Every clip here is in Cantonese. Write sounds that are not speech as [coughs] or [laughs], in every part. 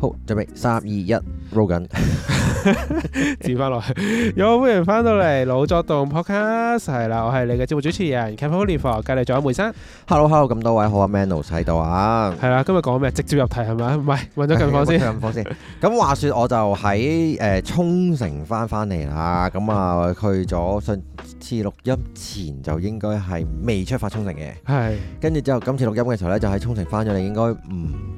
好，準備三二一，roll 緊，接翻落去。有冇歡迎翻到嚟老作動 podcast？係啦，我係你嘅節目主持人，Capco 聯發，隔籬仲有梅生。Hello，Hello，咁多位，好啊，Manos 喺度啊。係啦，今日講咩？直接入題係咪？唔係，問咗近況先。近況先。咁話說，我就喺誒沖繩翻翻嚟啦。咁啊，去咗上次錄音前就應該係未出發沖繩嘅。係。跟住之後，今次錄音嘅時候咧，就喺沖繩翻咗嚟，應該唔。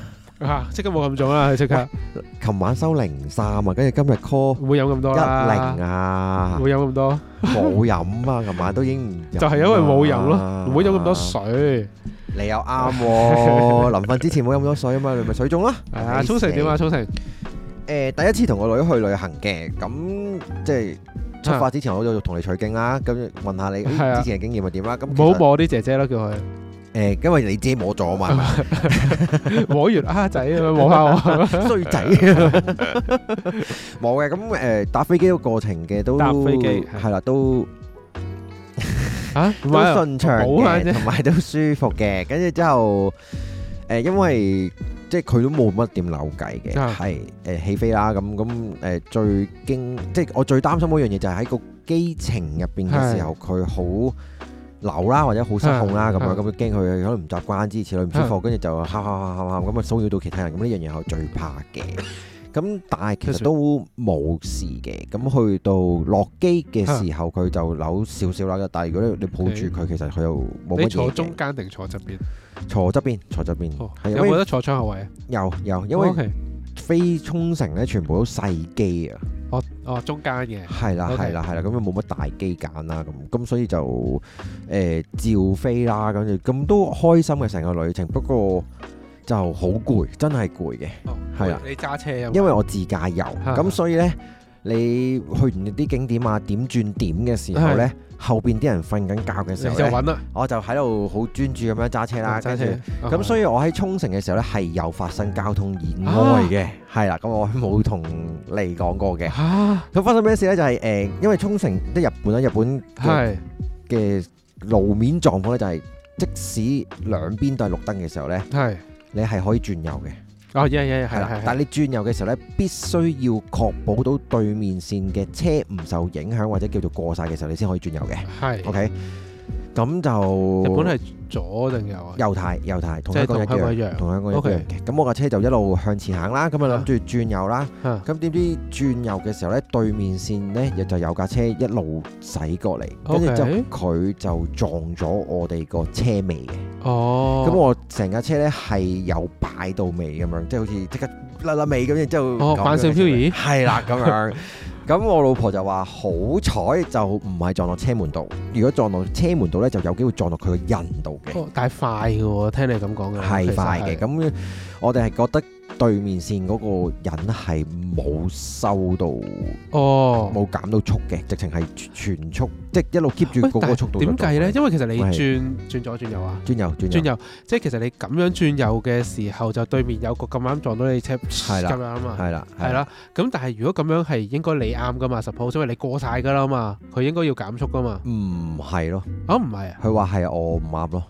嚇！即刻冇咁重啦！即刻，琴晚收零三啊，跟住今日 call，唔會飲咁多啦，一零啊，唔會飲咁多，冇飲啊！琴晚都已經唔飲，就係因為冇飲咯，唔會飲咁多水，你又啱喎！臨瞓之前冇飲咁多水啊嘛，你咪水重咯。啊，沖繩點啊？沖繩，誒第一次同個女去旅行嘅，咁即係出發之前我都要同你取經啦，咁問下你之前嘅經驗係點啦。咁唔好播啲姐姐咯，叫佢。誒，因為你自己摸咗嘛，摸完阿仔摸下我衰仔，摸嘅咁誒，搭飛機個過程嘅都搭飛機係啦，都啊好順暢嘅，同埋都舒服嘅。跟住之後，誒，因為即係佢都冇乜點扭計嘅，係誒起飛啦。咁咁誒最驚，即係我最擔心嗰樣嘢就係喺個機程入邊嘅時候，佢好扭啦，或者好失控啦，咁樣，咁驚佢可能唔習慣，支持佢唔舒服，跟住就喊喊喊喊喊，咁啊騷擾到其他人，咁呢樣嘢我最怕嘅。咁但係其實都冇事嘅。咁去到落機嘅時候，佢就扭少少啦。但係如果你抱住佢，其實佢又冇乜嘢。你坐中間定坐側邊？坐側邊，坐側邊。有冇得坐窗口位啊？有有，因為飛沖繩咧，全部都細機啊。哦哦，中間嘅，係啦係啦係啦，咁又冇乜大機揀啦，咁咁所以就誒、呃、照飛啦，咁咁都開心嘅，成個旅程，不過就好攰，真係攰嘅，係啊、哦。的你揸車，因為我自駕遊，咁的所以呢，你去完啲景點啊，點轉點嘅時候呢。後邊啲人瞓緊覺嘅時候，就我就喺度好專注咁樣揸車啦。跟住咁，所以我喺沖繩嘅時候呢，係有發生交通意外嘅。係啦、啊，咁我冇同你講過嘅。嚇、啊！咁發生咩事呢？就係誒，因為沖繩即日本啦，日本嘅路面狀況呢，就係即使兩邊都係綠燈嘅時候呢，係、啊、你係可以轉右嘅。哦，一樣啦， [noise] 但係你轉右嘅時候咧，必須要確保到對面線嘅車唔受影響，或者叫做過晒嘅時候，你先可以轉右嘅。係，OK？咁就日本係左定右啊？右軚，右軚，同一個一樣，同一個一樣嘅。咁我架車就一路向前行啦，咁啊諗住轉右啦。咁點知轉右嘅時候咧，對面線咧又就有架車一路駛過嚟，跟住就，之後佢就撞咗我哋個車尾嘅。哦，咁我成架車咧係由擺到尾咁樣，即係好似即刻甩甩尾咁樣，之後哦反向漂移，係啦咁樣。咁我老婆就話：好彩就唔係撞落車門度，如果撞落車門度咧，就有機會撞落佢個人度嘅。但係快嘅喎，聽你咁講嘅係快嘅。咁我哋係覺得。對面線嗰個人係冇收到，哦，冇減到速嘅，直情係全速，即係一路 keep 住嗰個速度。點計咧？因為其實你轉喂轉左轉右啊，轉右轉右，轉右，即係其實你咁樣轉右嘅時候，就對面有個咁啱撞到你車咁的樣啊嘛，係啦，係啦。咁但係如果咁樣係應該你啱噶嘛？suppose，因為你過晒噶啦嘛，佢應該要減速噶嘛。唔係咯？啊唔係啊？佢話係我唔啱咯。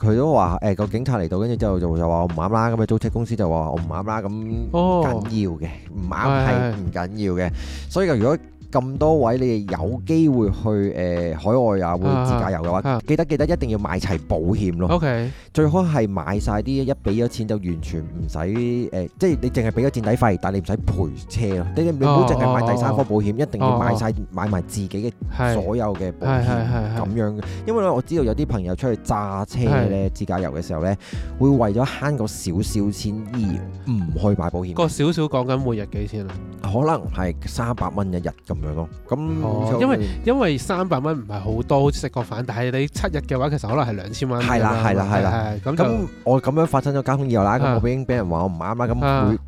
佢都話、欸、個警察嚟到，跟住之後就就話我唔啱啦，咁嘅租車公司就話我唔啱啦，咁、哦、緊要嘅唔啱係唔緊要嘅，哦、所以如果……咁多位，你哋有機會去誒、呃、海外啊，會自駕遊嘅話，啊啊、記得記得一定要買齊保險咯。OK，最好係買晒啲，一俾咗錢，就完全唔使誒，即係你淨係俾咗墊底費，但係你唔使賠車。你你唔好淨係買第三方保險，哦、一定要買晒、哦、買埋自己嘅所有嘅保險。咁樣嘅，因為咧，我知道有啲朋友出去揸車咧，對自駕遊嘅時候咧，會為咗慳個少少錢而唔去買保險。個少少講緊每日幾錢啊？可能係三百蚊一日咁。咁，因為因為三百蚊唔係好多，食個飯。但係你七日嘅話，其實可能係兩千蚊。係啦，係啦，係啦。咁咁，我咁樣發生咗交通意外啦，咁我已經俾人話我唔啱啦。咁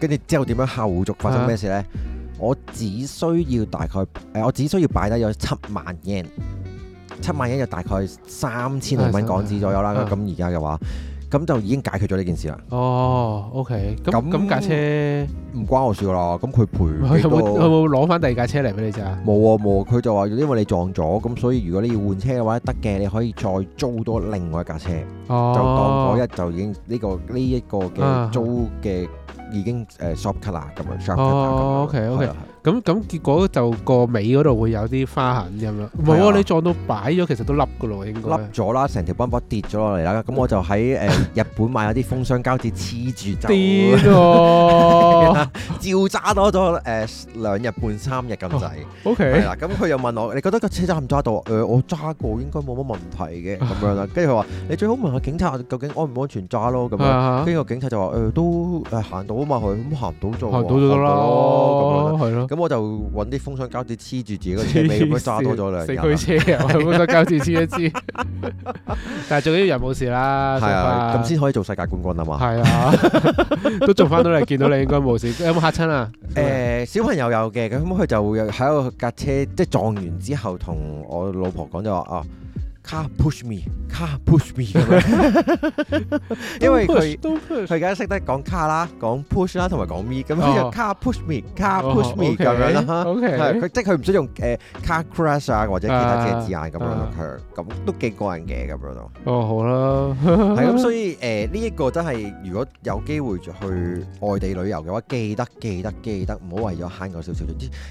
跟住之後點樣後續發生咩事咧？我只需要大概誒，我只需要擺低咗七萬 yen 七萬 yen 就大概三千零蚊港紙左右啦。咁而家嘅話。咁就已經解決咗呢件事啦。哦、oh，OK。咁咁架車唔關我事啦。咁佢賠幾多？有冇攞翻第二架車嚟俾你啫？冇啊，冇，佢就話因為你撞咗，咁所以如果你要換車嘅話得嘅，你可以再租多另外一架車。Oh, 就當嗰日就已經呢、這個呢一、這個嘅租嘅已經誒 shop 卡啦咁樣 shop 卡 OK，OK。咁咁結果就個尾嗰度會有啲花痕咁咯，唔係喎，你撞到擺咗其實都凹嘅咯應該凹咗啦，成條波波跌咗落嚟啦，咁我就喺誒日本買咗啲封箱膠紙黐住揸，點啊？照揸多咗誒兩日半三日咁滯，OK，係啦，咁佢又問我，你覺得個車揸唔揸到啊？誒，我揸過應該冇乜問題嘅咁樣啦，跟住佢話，你最好問下警察究竟安唔安全揸咯咁樣，跟住個警察就話，誒都誒行到啊嘛佢，咁行唔到就，行到咗啦，咁咯係咯。咁我就揾啲封箱膠紙黐住自己個車尾樣車，佢揸多咗兩個人，封箱膠紙黐一黐。 [laughs] [laughs] 但係最緊要人冇事啦，係啊，咁先可以做世界冠軍啊嘛。係啊，都做翻到嚟，見到你應該冇事。有冇嚇親啊？誒、呃，小朋友有嘅，咁佢就喺我架車，即、就、係、是、撞完之後，同我老婆講就話哦。Car push me, car push me 咁、哦哦 okay, 樣，因為佢佢而家識得講 car 啦，講 push 啦，同埋講 me 咁樣，car push me，car push me 咁樣啦。OK，佢即係佢唔使用誒 car crash 啊，或者其他字字眼咁樣咯。佢咁、uh, uh. 都幾過癮嘅咁樣咯。哦，好啦，係咁，所以誒呢一個真係，如果有機會去外地旅遊嘅話，記得記得記得，唔好為咗慳嗰少少。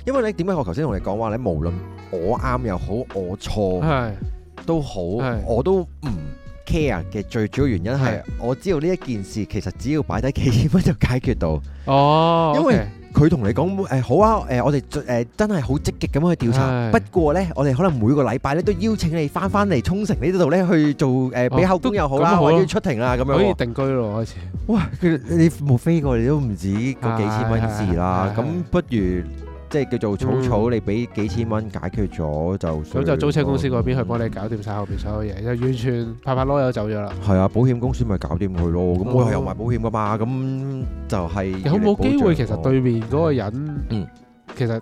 因為你點解我頭先同你講話咧？無論我啱又好，我錯係都好，是的 我都唔 care 嘅最主要原因係我知道呢一件事其實只要擺低幾千蚊就解決到哦，因為佢同你講誒、呃、好啊，誒、呃、我哋誒、呃、真係好積極咁去調查，是的 不過咧我哋可能每個禮拜咧都邀請你翻翻嚟沖繩呢度咧去做誒，俾、呃、後工又好啦，哦、好或者出庭啦，咁樣可以定居咯，開始哇，你冇飛過你都唔止個幾千蚊字啦，咁不如。即係叫做草草，嗯、你俾幾千蚊解決咗就咁就租車公司嗰邊去、嗯、幫你搞掂晒後邊所有嘢，就完全拍拍囉柚走咗啦。係啊，保險公司咪搞掂佢咯。咁我係有埋保險噶嘛，咁就係有冇機會其實對面嗰個人，嗯，嗯其實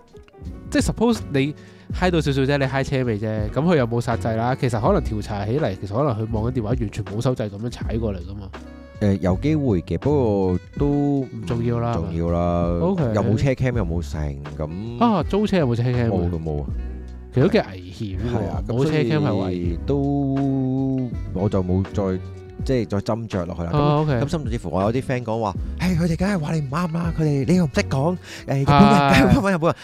即係 suppose 你嗨到少少啫，你嗨 i 車未啫？咁佢又冇煞掣啦。其實可能調查起嚟，其實可能佢望緊電話，完全冇手掣咁樣踩過嚟噶嘛。誒、呃，有機會嘅，不過都唔重要啦，重要啦吧，又冇車 cam，又冇成咁。啊，租車有冇車 cam？冇都冇啊，其實都幾危險。係啊，冇車 cam 係都，我就冇再即係再斟酌落去啦。咁甚、啊 okay、至乎我有啲 friend 講話，誒、啊，佢哋梗係話你唔啱啦，佢哋你又唔識講誒，日本人問問日本人，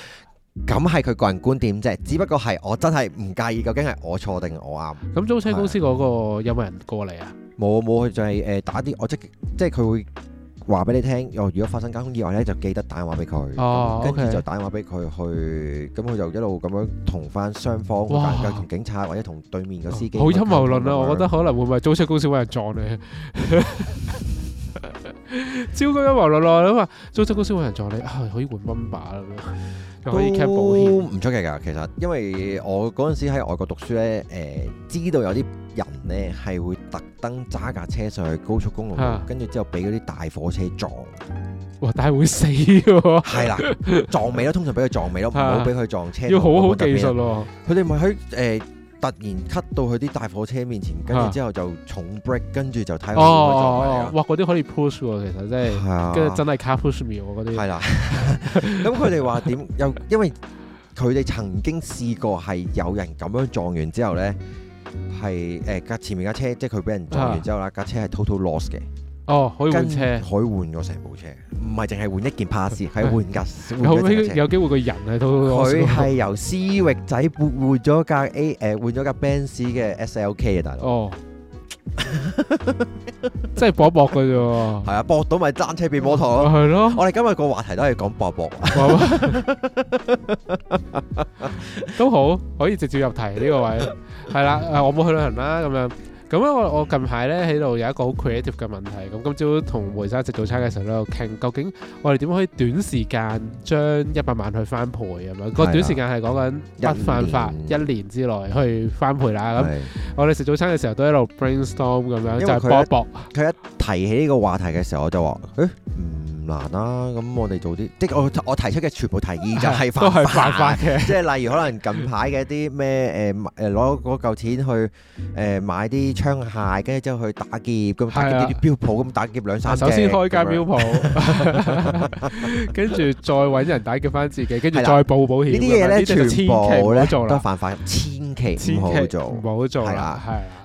咁係佢個人觀點啫，只不過係我真係唔介意，究竟係我錯定我啱。咁、啊、租車公司嗰個有冇人過嚟啊？冇冇，佢就係誒打啲我即即係佢會話俾你聽。哦，如果發生交通意外咧，就記得打電話俾佢。哦，跟住就打電話俾佢去。咁佢就一路咁樣同翻雙方，同警察或者同對面嘅司機。好陰謀論啊！我覺得可能會唔係租車公司揾人撞你。超鬼陰謀論咯，諗下租車公司揾人撞你啊，可以換 number 啦，可以 cap 保險。唔出奇噶，其實因為我嗰陣時喺外國讀書咧，誒知道有啲。人咧係會特登揸架車上去高速公路，跟住是、啊、之後俾嗰啲大貨車撞，哇！但係會死喎。係啦，撞尾咯，通常俾佢撞尾咯，唔好俾佢撞車。是啊、要好好技術喎、啊。佢哋咪喺誒突然 cut 到佢啲大貨車面前，跟住之後就重 brake 跟住就睇。哦哦哦，哦，哦哦哦！哇，嗰啲可以 push 喎、啊，其實是、啊、真係，跟住真係卡 push me，我覺得。係啦。咁佢哋話點？又因為佢哋曾經試過係有人咁樣撞完之後咧。係誒架前面架車，即係佢俾人撞完之後啦，架、啊、車係 total loss 嘅。哦，可以換車，可以換咗成部車，唔係淨係換一件 p a s 是 s 係換架。好咩是？有機會個人 Total loss 啊，都佢係由思域仔換咗架 A 誒、呃，換咗架 Benz 嘅 SLK 啊，大佬。哦。 [laughs] 真係搏搏嘅啫，係啊，搏到咪單車變摩托咯，係咯、嗯。就是、我哋今日個話題都係講搏搏，都好可以直接入題呢、這個位，係 [laughs] 啦。我冇去旅行啦，咁樣。咁咧，我我近排咧喺度有一個好 creative 嘅問題，咁今朝同梅生食早餐嘅時候咧，喺度傾究竟我哋點可以短時間將一百萬去翻倍咁嘛？的個短時間係講緊不犯法一年之內去翻倍啦。咁的我哋食早餐嘅時候都喺度 brainstorm 咁樣，就係搏一搏佢一佢一提起呢個話題嘅時候，我就話，欸、嗯。」難啦，咁我哋做啲，即我我提出嘅全部提議就係都係犯法嘅，怪怪即係例如可能近排嘅一啲咩誒誒，攞嗰嚿錢去誒、呃、買啲槍械，跟住之後去打劫，咁打劫啲標鋪，咁的打劫兩三，首先開間標鋪，跟住 [laughs] [laughs] 再搵人打劫翻自己，跟住再報保險，的呢啲嘢咧全部都犯法，千祈唔好做，唔好做啦，係的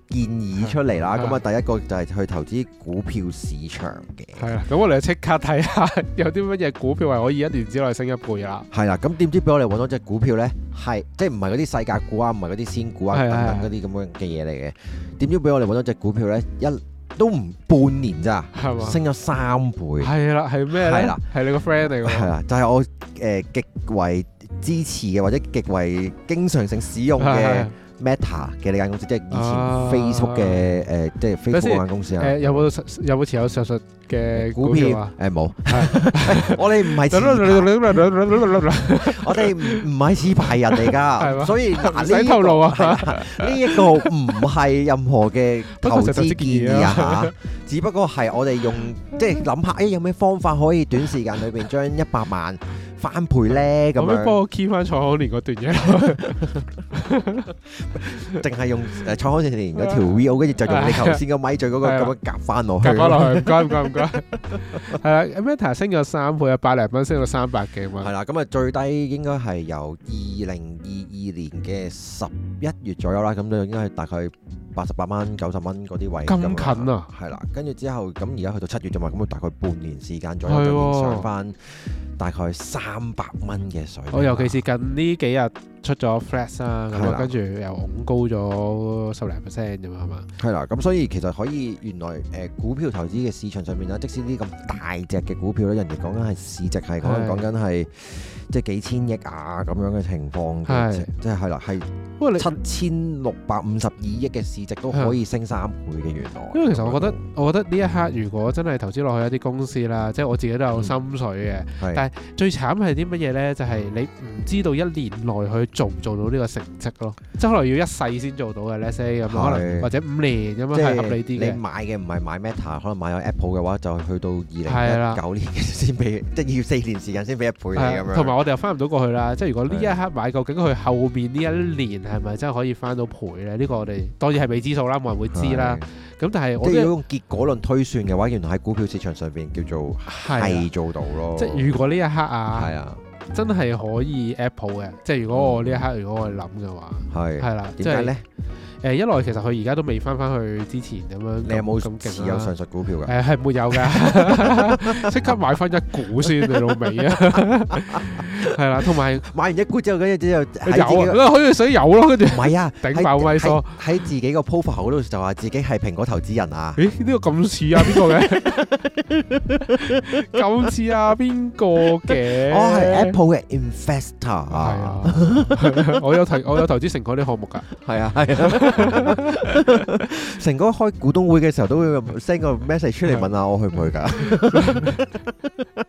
建議出嚟啦，咁啊的，第一個就係去投資股票市場嘅。係啊，咁我哋即刻睇下有啲乜嘢股票係可以一年之內升一倍啦。係啦，咁點知俾我哋揾到隻股票咧？係即係唔係嗰啲世界股啊，唔係嗰啲仙股啊，的等等嗰啲咁樣嘅嘢嚟嘅。點知俾我哋揾到隻股票咧？一都唔半年咋，係嘛？升咗三倍。係啦，係咩？係啦的，係你個 friend 嚟㗎。係啦，就係、是、我誒、呃、極為支持嘅，或者極為經常性使用嘅。Meta 嘅呢間公司，即係以前 Facebook 嘅誒，即係 Facebook 嗰間公司啊！誒、呃、有冇有冇持有上述嘅股票，誒，冇，我哋唔係，我哋唔係持牌人嚟噶，所以唔使透露啊。呢一個唔係任何嘅投資建議啊，吓，只不過係我哋用，即係諗下，誒有咩方法可以短時間裏邊將一百萬翻倍咧？咁，樣。幫我 keep 翻蔡可年嗰段嘢，定係用誒蔡可年嗰條 video 跟住就用你頭先個咪嘴嗰個咁樣夾翻落去。唔該唔該唔該。係啊 [laughs] ，Meta 升咗三倍啊，百零蚊升到三百幾蚊。係啦，咁啊最低應該係由二零二二年嘅十一月左右啦，咁咧應該係大概。八十八蚊、九十蚊嗰啲位咁近啊，係啦，跟住之後咁而家去到七月啫嘛，咁大概半年時間左右就升翻大概三百蚊嘅水。哦，尤其是近呢幾日出咗 flash 啊了，咁跟住又拱高咗十零 percent 咁啊嘛。係啦，咁所以其實可以原來誒、呃、股票投資嘅市場上面啦，即使啲咁大隻嘅股票咧，人哋講緊係市值係，講緊講緊係。即係幾千億啊咁樣嘅情況嘅，即係係啦，係不過你七千六百五十二億嘅市值都可以升三倍嘅原來。因為其實我覺得，我覺得呢一刻如果真係投資落去一啲公司啦，即係我自己都有心水嘅。但係最慘係啲乜嘢呢？就係你唔知道一年內去做唔做到呢個成績咯，即係可能要一世先做到嘅。Let’s say 咁樣，或者五年咁樣係合理啲。你買嘅唔係買 Meta，可能買咗 Apple 嘅話，就去到二零一九年先俾，即係要四年時間先俾一倍我哋又翻唔到過去啦，即係如果呢一刻買，究竟佢後邊呢一年係咪真係可以翻到倍咧？呢個我哋當然係未知數啦，冇人會知啦。咁的但係、就是、即係要用結果論推算嘅話，原來喺股票市場上邊叫做係做到咯。即係如果呢一刻啊，係啊的，真係可以 Apple 嘅。的即係如果我呢一刻如果我諗嘅話，係係啦，點解咧？誒一來其實佢而家都未翻翻去之前咁樣，你有冇咁勁有上述股票㗎？誒係、呃、沒有㗎，即 [laughs] [laughs] 刻買翻一股先，你老味啊！係啦，同埋買完一股之後跟住時就有啦，可以想有咯。跟住唔係啊，頂爆米數，喺自己個 profile 度就話自己係蘋果投資人啊？咦？呢個咁似啊，邊個嘅？咁似啊，邊個嘅？我係 Apple 嘅 investor 啊！我有投我有投資成果啲項目㗎，係啊，係啊。 [laughs] 成哥開股東會嘅時候都會 send 個 message 出嚟問下我去唔去噶？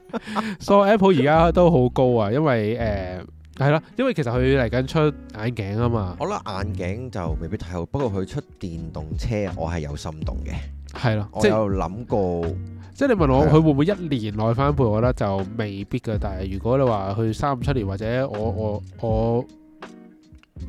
所以 Apple 而家都好高啊，因為誒係啦，因為其實佢嚟緊出眼鏡啊嘛。我覺得眼鏡就未必太好，不過佢出電動車，我係有心動嘅。係咯，我有諗過，即係你問我佢會唔會一年內翻倍，我覺得就未必噶。但係如果你話去三五七年或者我我我。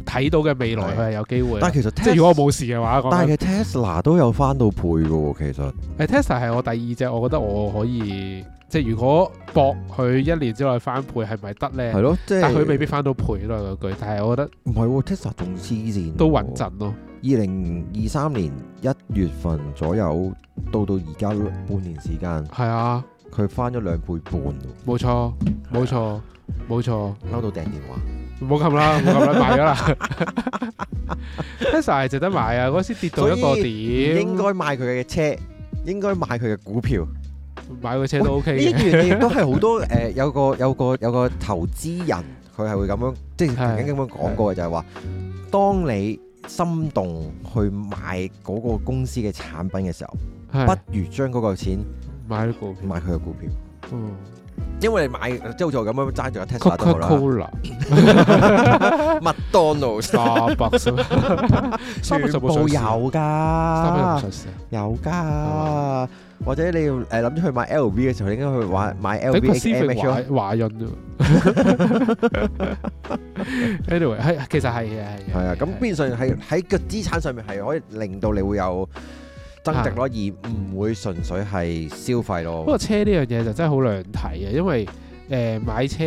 睇到嘅未來佢係有機會，但係其實 la，即係如果我冇事嘅話，但係 Tesla 都有翻到倍嘅喎，其實。哎、Tesla 係我第二隻，我覺得我可以，即係如果博佢一年之內翻倍係咪得咧？係咯，即、就、係、是，佢未必翻到倍咯嗰句，但係我覺得唔係、哦、，Tesla 仲黐線，都穩陣咯。二零二三年一月份左右到到而家半年時間，係啊，佢翻咗兩倍半。冇錯，冇、啊、錯，冇錯。嬲、啊、到掟電話。冇冚啦，冇冚，啦，賣咗啦。Tesla [laughs] 值得買啊，嗰時跌到一個點。應該買佢嘅車，應該買佢嘅股票，買佢車都 OK。呢段亦都係好多誒、 [laughs] 呃，有個有個有個，有個投資人，佢係會咁樣， [laughs] 即係曾經咁樣講過嘅，就係話，當你心動去買嗰個公司嘅產品嘅時候，是不如將嗰個錢買佢嘅股票，買佢嘅股票。因為你買即係好似我咁樣揸住個 Tesla 都好啦，麥當勞 Starbucks，Starbucks 有噶，Starbucks 有冇油噶？有噶，或者你誒諗住去買 LV 嘅時候，你應該去玩買 LV 嘅華潤。Anyway，係其實係嘅，係啊，咁變相係喺個資產上面係可以令到你會有。增值咯，而唔會純粹係消費咯，啊。不過車呢樣嘢就真係好難題嘅，因為誒，呃、買車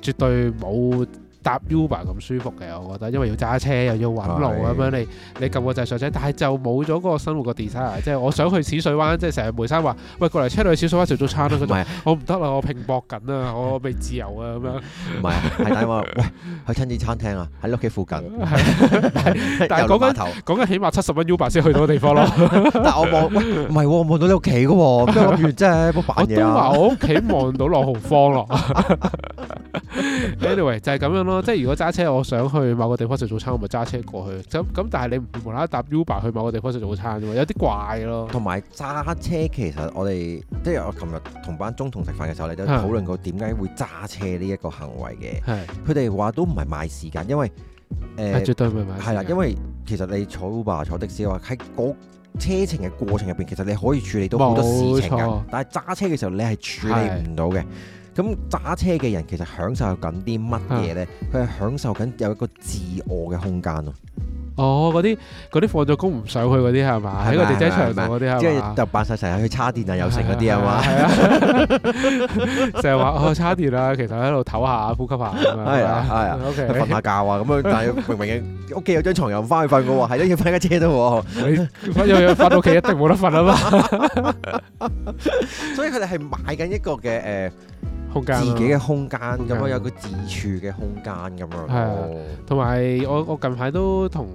絕對冇。搭 Uber 咁舒服嘅，我覺得，因為要揸車又要揾路咁樣，你你撳個掣上車，但係就冇咗嗰個生活個 design 啊！即係我想去淺水灣，即係成日梅山話：喂，過嚟車到去淺水灣食早餐啦！唔係，我唔得啦，我拼搏緊啊，我未自由啊咁樣。唔係，係但係我喂，去親啲餐廳啊，喺屋企附近。但係講緊講緊，起碼七十蚊 Uber 先去到個地方咯。但係我望唔係，我望到你屋企嘅喎。咁遠真係冇版嘢啊！我都話我屋企望到落紅方咯。Anyway，就係咁樣咯。哦、即係如果揸車，我想去某個地方食早餐，我咪揸車過去。咁咁，但係你唔會無啦啦搭 Uber 去某個地方食早餐有啲怪咯。同埋揸車其實我哋即係我琴日同班中同食飯嘅時候，你都討論過點解會揸車呢一個行為嘅。佢哋話都唔係賣時間，因為誒，呃、絕對唔係賣時間。係啦，因為其實你坐 Uber 坐的士嘅話，喺嗰車程嘅過程入邊，其實你可以處理到好多事情㗎。冇錯。但係揸車嘅時候，你係處理唔到嘅。咁揸車嘅人其實享受緊啲乜嘢咧？佢係、啊、享受緊有一個自我嘅空間咯。哦，嗰啲啲放咗工唔上去嗰啲係嘛？喺個吧地鐵長度嗰啲係嘛？即係就扮曬成日去叉電啊又成嗰啲係嘛？係啊，成日話我叉電啦、啊，其實喺度唞下、呼吸下，係啊，係啊，瞓下、啊 okay. 啊、覺啊咁樣。但係明明屋企有張床又唔翻去瞓嘅喎，係咯，要翻架車都喎，翻咗去翻屋企一定冇得瞓啊嘛。 [laughs] 所以佢哋係買緊一個嘅誒。呃空間自己嘅空間，咁佢間有個自處嘅空間咁樣。係、哦、啊，同埋我我近排都同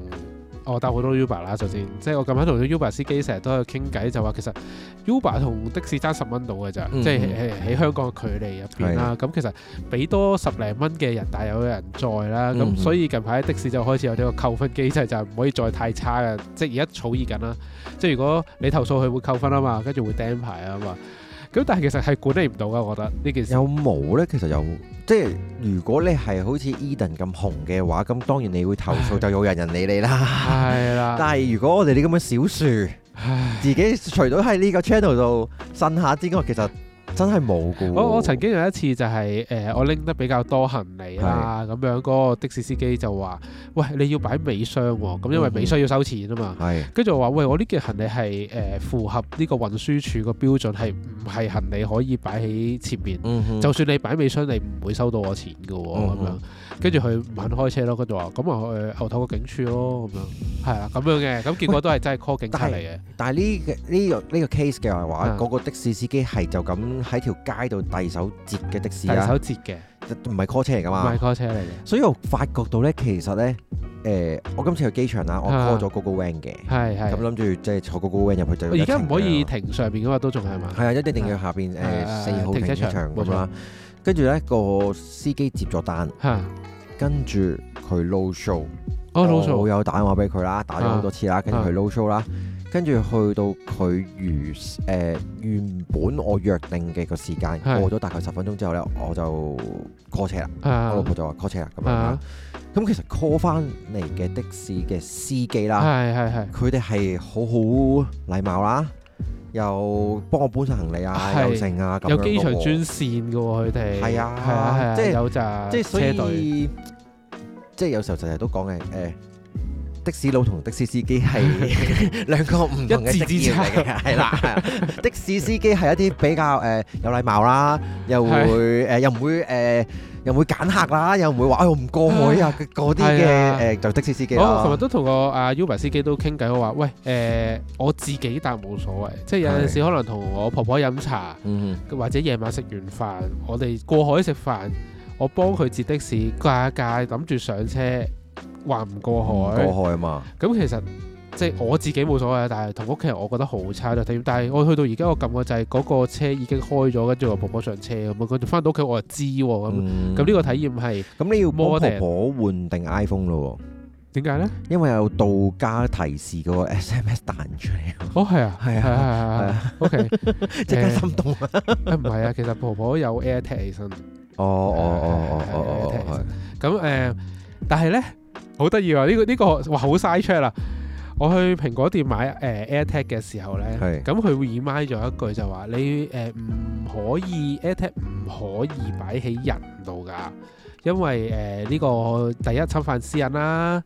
我搭好多 Uber 啦，首先，即、就、係、是、我近排同啲 Uber 司機成日都喺度傾偈，就話其實 Uber 同的士爭十蚊到嘅咋，即係喺香港嘅距離入邊啦。咁的其實俾多十零蚊嘅人，大有人在啦。咁、嗯、哼所以近排的士就開始有呢個扣分機制，就唔、是、可以再太差嘅、就是就是。即係而家草擬緊啦，即係如果你投訴佢會扣分啊嘛，跟住會釘牌啊嘛。但係其實係管理唔到噶，我覺得呢件事有冇咧？其實有，即係如果你係好似 Edan 咁紅嘅話，咁當然你會投訴，就有人人理你啦。係啦。但係如果我哋呢咁嘅小薯， [laughs] [laughs] 自己除咗喺呢個 channel 度呻下之外，其實真係冇嘅。我我曾經有一次就係誒，我拎得比較多行李啦，咁樣嗰個的士司機就話，喂，你要擺尾箱喎。咁因為尾箱要收錢啊嘛。係。嗯哼。跟住我話，喂，我呢件行李係誒符合呢個運輸處個標準，係唔係行李可以擺喺前面？嗯哼。就算你擺尾箱，你唔會收到我錢嘅喎。嗯哼。咁樣。跟住佢唔肯開車咯，跟住話咁啊去後頭個警署咯咁樣，係啊咁樣嘅，咁結果都係真係 call 警車嚟嘅。但係呢、這個呢個呢個 case 嘅話，嗰、嗯、個的士司機係就咁喺條街度遞手截嘅的，的士啊，遞手截嘅，唔係 call 車嚟噶嘛，唔係 call 車嚟嘅。所以我發覺到咧，其實咧，誒、呃，我今次去機場啊，我 call 咗高高 vanGoGoVan 嘅，係係、嗯，咁諗住即係坐 GoGoVan 入去就。而家唔可以停上邊噶嘛，都仲係嘛？係啊、嗯，一定定要下邊誒四號停車場冇錯。錯跟住呢、呢個司機接咗單，跟住佢撈 show，oh, 我有打電話俾佢啦，打咗好多次啦，跟住佢撈 show 啦，跟住去到佢如誒、呃、原本我約定嘅個時間，啊、過咗大概十分鐘之後呢，我就 call 車啦，我、啊、我就話 call 車啦咁樣啦，咁、啊、其實 call 翻嚟嘅的士嘅司機啦，佢哋係好好禮貌啦。又幫我搬上行李啊，又剩啊，咁有機場專線㗎喎，佢哋係啊係啊，即係有咋？即係，所以即係有時候成日都講嘅誒，的士佬同的士司機係兩個唔同嘅職業嚟嘅，係啦。的士司機係一啲比較誒有禮貌啦，又會誒又唔會誒。又唔會揀客啦，又唔會話，哎，我唔過海 [laughs] 啊，嗰啲嘅誒就的士司機啦，我琴日都同個阿、啊、Uber 司機都傾偈，我話：喂，誒、呃、我自己但冇所謂，即係有陣時可能同我婆婆飲茶，的或者夜晚食完飯，我哋過海食飯，我幫佢截的士，隔一界諗住上車，話唔過海，過海啊嘛。咁其實。即係我自己冇所謂，但係同屋企人我覺得好差嘅體驗。但係我去到而家，我撳個掣，嗰個車已經開咗，跟住我婆婆上車咁啊。佢翻到屋企，我就知咁。咁呢個體驗係咁，你要幫婆婆換定 iPhone 咯？點解咧？因為有道家提示個 SMS 彈出嚟。哦，係啊，係啊，係啊，係啊。OK，即刻心動啊？唔係啊，其實婆婆有 AirTag 起身。哦哦哦哦哦哦。咁誒，但係咧好得意啊！呢個呢個哇，好嘥 charge 我去蘋果店買誒、呃、AirTag 嘅時候呢，咁佢會 remind 咗一句就話：你誒唔可以 AirTag 唔可以擺喺人度㗎，因為誒呢、呃呢個第一侵犯私隱啦，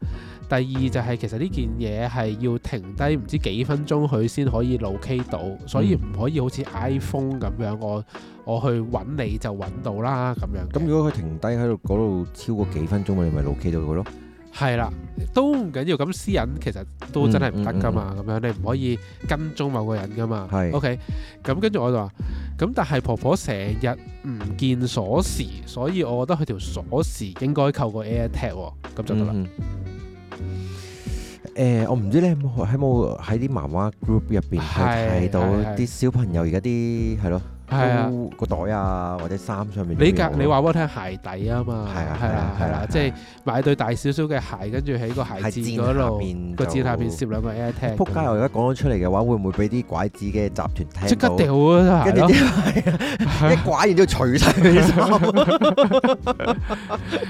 第二就係其實呢件嘢係要停低唔知幾分鐘佢先可以 locate 到，所以唔可以好似 iPhone 咁樣我我去揾你就揾到啦咁樣。咁如果佢停低喺度嗰度超過幾分鐘，你咪 locate 到佢咯。係啦，都唔緊要。咁私隱其實都真係唔得噶嘛，咁、嗯嗯嗯、樣你唔可以跟蹤某個人噶嘛。係是，OK。咁跟住我就話，但係婆婆成日唔見鎖匙，所以我覺得佢條鎖匙應該扣個 AirTag 咁就得啦。誒、嗯嗯呃，我唔知你有冇喺冇喺啲媽媽 group 入邊係睇到啲小朋友而家啲係咯。係啊，個袋啊或者衫上面。你隔你話俾我聽鞋底啊嘛，係啊係啊係啊，即係買對大少少嘅鞋，跟住喺個鞋墊嗰度個墊下面攝兩個 AirTag。仆街！我而家講咗出嚟嘅話，會唔會俾啲拐子嘅集團聽到？即刻掉啊！跟住啲拐然都後除曬。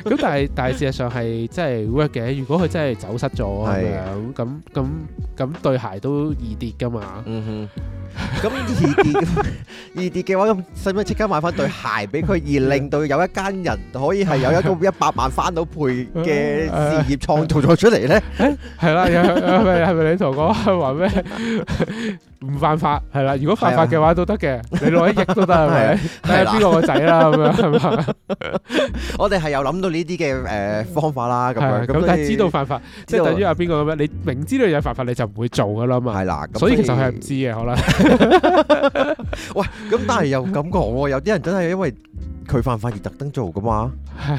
咁但係但係事實上係真係 work 嘅。如果佢真係走失咗咁樣，咁咁咁對鞋都易跌㗎嘛。咁二跌， [laughs] 而跌嘅話，使唔使即刻買翻對鞋俾佢？而令到有一間人可以係有一個一百萬翻到倍嘅事業創造咗出嚟咧？係、 [laughs] [laughs] 欸、啦，係咪係咪你同我講話咩？ [laughs] 唔犯法係啦，如果犯法嘅話都得嘅，的你攞一億都得係咪？睇下邊個個仔啦咁樣係嘛？我哋係有諗到呢啲嘅，誒方法啦，咁咁的但係知道犯法，道即係等於阿邊個咁樣，你明知道有犯法你就唔會做噶啦嘛？係啦，所以，所以其實係唔知嘅，好啦。 [laughs] 喂，咁但係又感覺，有啲人真係因為佢犯法而特登做噶嘛？ [laughs]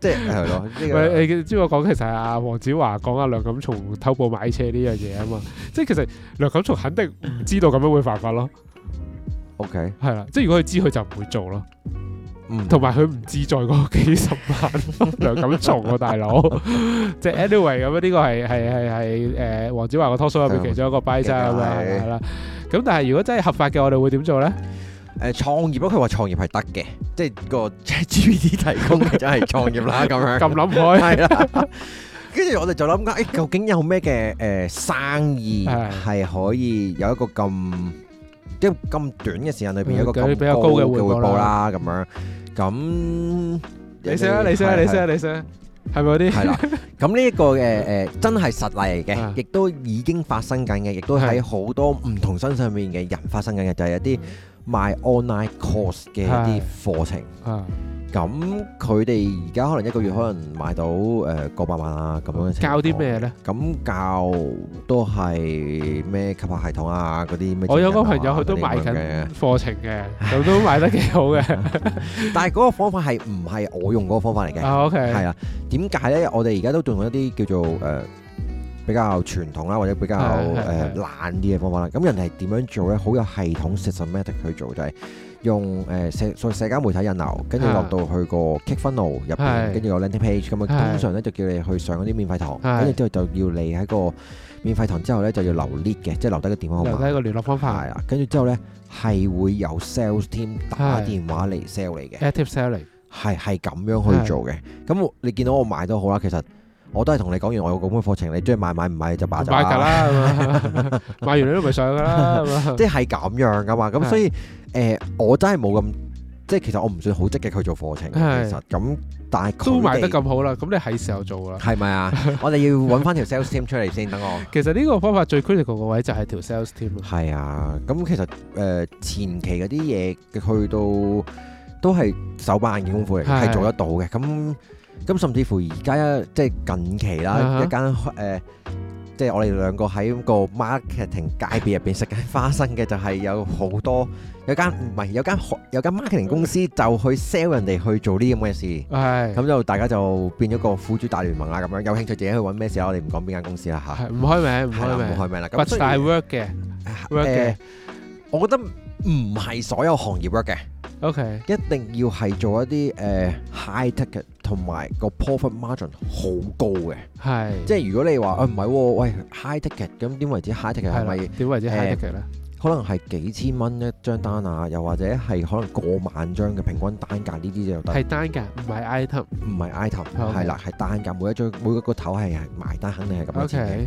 即係係咯，喂，你知我講，其實阿黃子華講阿梁錦松偷步買車呢樣嘢啊嘛， [laughs] 即係其實梁錦松肯定唔知道咁樣會犯法咯。OK，係啦，即係如果佢知，佢就唔會做咯。同埋佢唔志在嗰幾十萬 [laughs] 梁錦松個大佬，即係 anyway 咁啊，呢個係係係係誒，黃、 [laughs] [laughs] anyway, 子華個拖手入邊其中一個 by 渣啊嘛，係啦。咁但係如果真係合法嘅，我哋會點做咧？誒創業咯，佢話創業係得嘅，即係個 GPT 提供嘅真係創業啦咁樣。咁諗開，係啦。跟住我哋就諗緊，誒究竟有咩嘅誒生意係可以有一個咁即係咁短嘅時間裏邊有一個比較高嘅回報啦咁樣。咁你先啦，你先啦，你先啦，你先。係咪嗰啲？係啦。咁呢一個嘅誒真係實例嚟嘅，亦都已經發生緊嘅，亦都喺好多唔同身上面嘅人發生緊嘅，就係一啲。賣 online course 嘅啲課程，咁佢哋而家可能一個月可能賣到誒過百萬啊，咁樣。教啲咩咧？咁教都係咩吸客系統啊嗰啲咩？啊、我有個朋友佢都賣緊課程嘅，都賣得幾好嘅。但係嗰個方法係唔係我用嗰個方法嚟嘅？係啊， [laughs] 點解咧？我哋而家都用一啲叫做誒。呃比較傳統啦，或者比較誒懶啲嘅方法啦。咁人哋係點樣做咧？好有系統 systematic 去做，就係、是、用誒社所謂社交媒體引流，跟住落到去個 kick funnel 入邊，跟住是有 landing page。咁啊，通常咧是就叫你去上嗰啲免費堂，跟住之後就要你喺個免費堂之後咧就要留 lead 嘅，即係留低個電話號碼，留低個聯絡方法。係啊，跟住之後咧係會有 sales team 打電話嚟 sell 嚟嘅 active selling。係係咁樣去做嘅。咁的你見到我賣都好啦，其實。.我都係同你講完我有咁嘅課程，你中意買買，唔買就罷咗。買噶啦，買完你都咪上噶啦，即係咁樣噶嘛。咁所以誒，我真係冇咁，即係其實我唔算好積極去做課程，其實咁，但係都賣得咁好啦。咁你係時候做啦，係咪啊？我哋要搵翻條 sales team 出嚟先，等我。其實呢個方法最 critical 個位就係條 sales team 咯。係啊，咁其實誒前期嗰啲嘢去到都係手板眼見功夫嚟，係做得到嘅。咁。咁甚至乎而家即係近期啦，一間誒，即係我哋兩個喺個 marketing 界別入邊食緊花生嘅，就係有好多有間唔係有間有間 marketing 公司就去 sell 人哋去做呢啲咁嘅事，係咁就大家就變咗個苦主大聯盟啊咁樣，有興趣自己去揾咩事啦，我哋唔講邊間公司啦嚇，唔開名，唔開名，唔開名啦。咁，但係 work 嘅，work 嘅，我覺得唔係所有行業 work 嘅。OK，一定要係做一啲誒、呃、high ticket 同埋個 profit margin 好高嘅。係是即係如果你話啊唔係喎，喂 high ticket 咁點為之 high ticket 係咪點為之 high ticket 咧、呃？可能係幾千蚊一張單啊，又或者係可能過萬張嘅平均單價呢啲就得。係單價唔係 item，唔係是 item，係啦 Okay.，係單價，每一張每個個頭係係埋單，肯定係咁多錢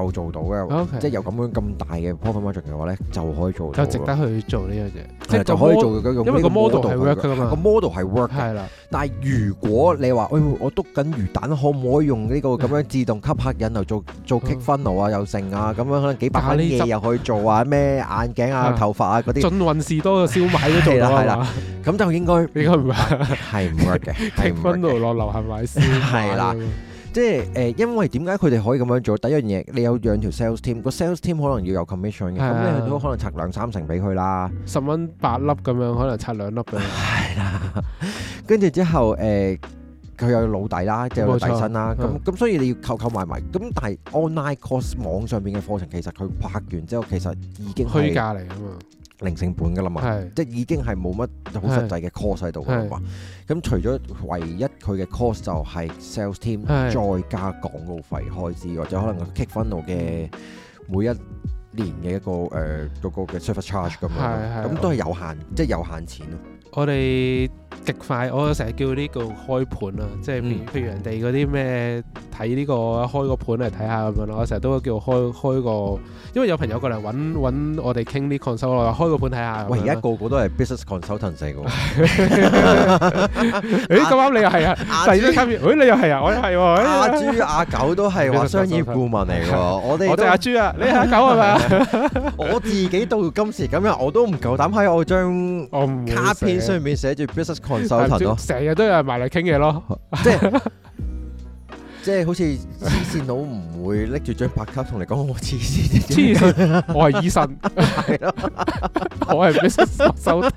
就做到嘅，即係有咁樣咁大嘅 performance 嘅話咧，就可以做到，就值得去做呢樣嘢，即係就可以做嗰個，因為個 model 係 work 嘅，個 model 係 work 嘅。係啦，但係如果你話，喂，我篤緊魚蛋，可唔可以用呢個咁樣自動吸客引流做做 kick funnel 啊？又剩啊，咁樣可能幾百蚊嘢又去做啊？咩眼鏡啊、頭髮啊嗰啲，進運士多燒賣都做啦，係啦，咁就應該係唔會嘅，係唔 work 嘅，kick funnel 落流行買燒賣。即係誒，因為點解佢哋可以咁樣做？第一樣嘢，你有養條 sales team，個 sales team 可能要有 commission 嘅的，咁你都可能拆兩三成俾佢啦，十蚊八粒咁樣可能拆兩粒嘅。係啦，跟住之後誒，佢、呃、有老底啦，即係錯有底薪啦。咁咁的，所以你要扣一扣埋埋。咁但係 online course 網上邊嘅課程，其實佢拍完之後，其實已經虛假嚟㗎嘛。零成本噶啦嘛。是即係已經係冇乜好實際嘅 course 喺度噶啦嘛。咁是除咗唯一佢嘅 course 就係 sales team 是再加廣告費開支，是或者可能 kick 分到嘅每一年嘅一個誒嗰、呃那個嘅 service charge 咁樣，咁都係有限，即係有限錢咯。我哋極快，我成日叫呢個開盤啊，即係譬如人哋嗰啲咩睇呢個開個盤嚟睇下咁樣咯。我成日都會叫開開個，因為有朋友過嚟揾我哋傾啲 consult 咯，開個盤睇下。喂，而家個個都係 business consultant 嚟嘅咁啱你又係、哎哎、 [laughs] 啊？阿朱啊，誒你又係啊？我係阿豬阿狗都係話商業顧問嚟，我哋阿豬啊，你阿狗係咪？我自己到今時今日我都唔夠膽喺我張卡片上面寫住 business。成日、啊、都有人埋嚟傾嘢咯、啊 [laughs] 即，即係即係好似黐線佬唔會拎住張白卡同你講我黐線，黐線我係醫生，係咯 [laughs] 了， [laughs] 我係 business consultant，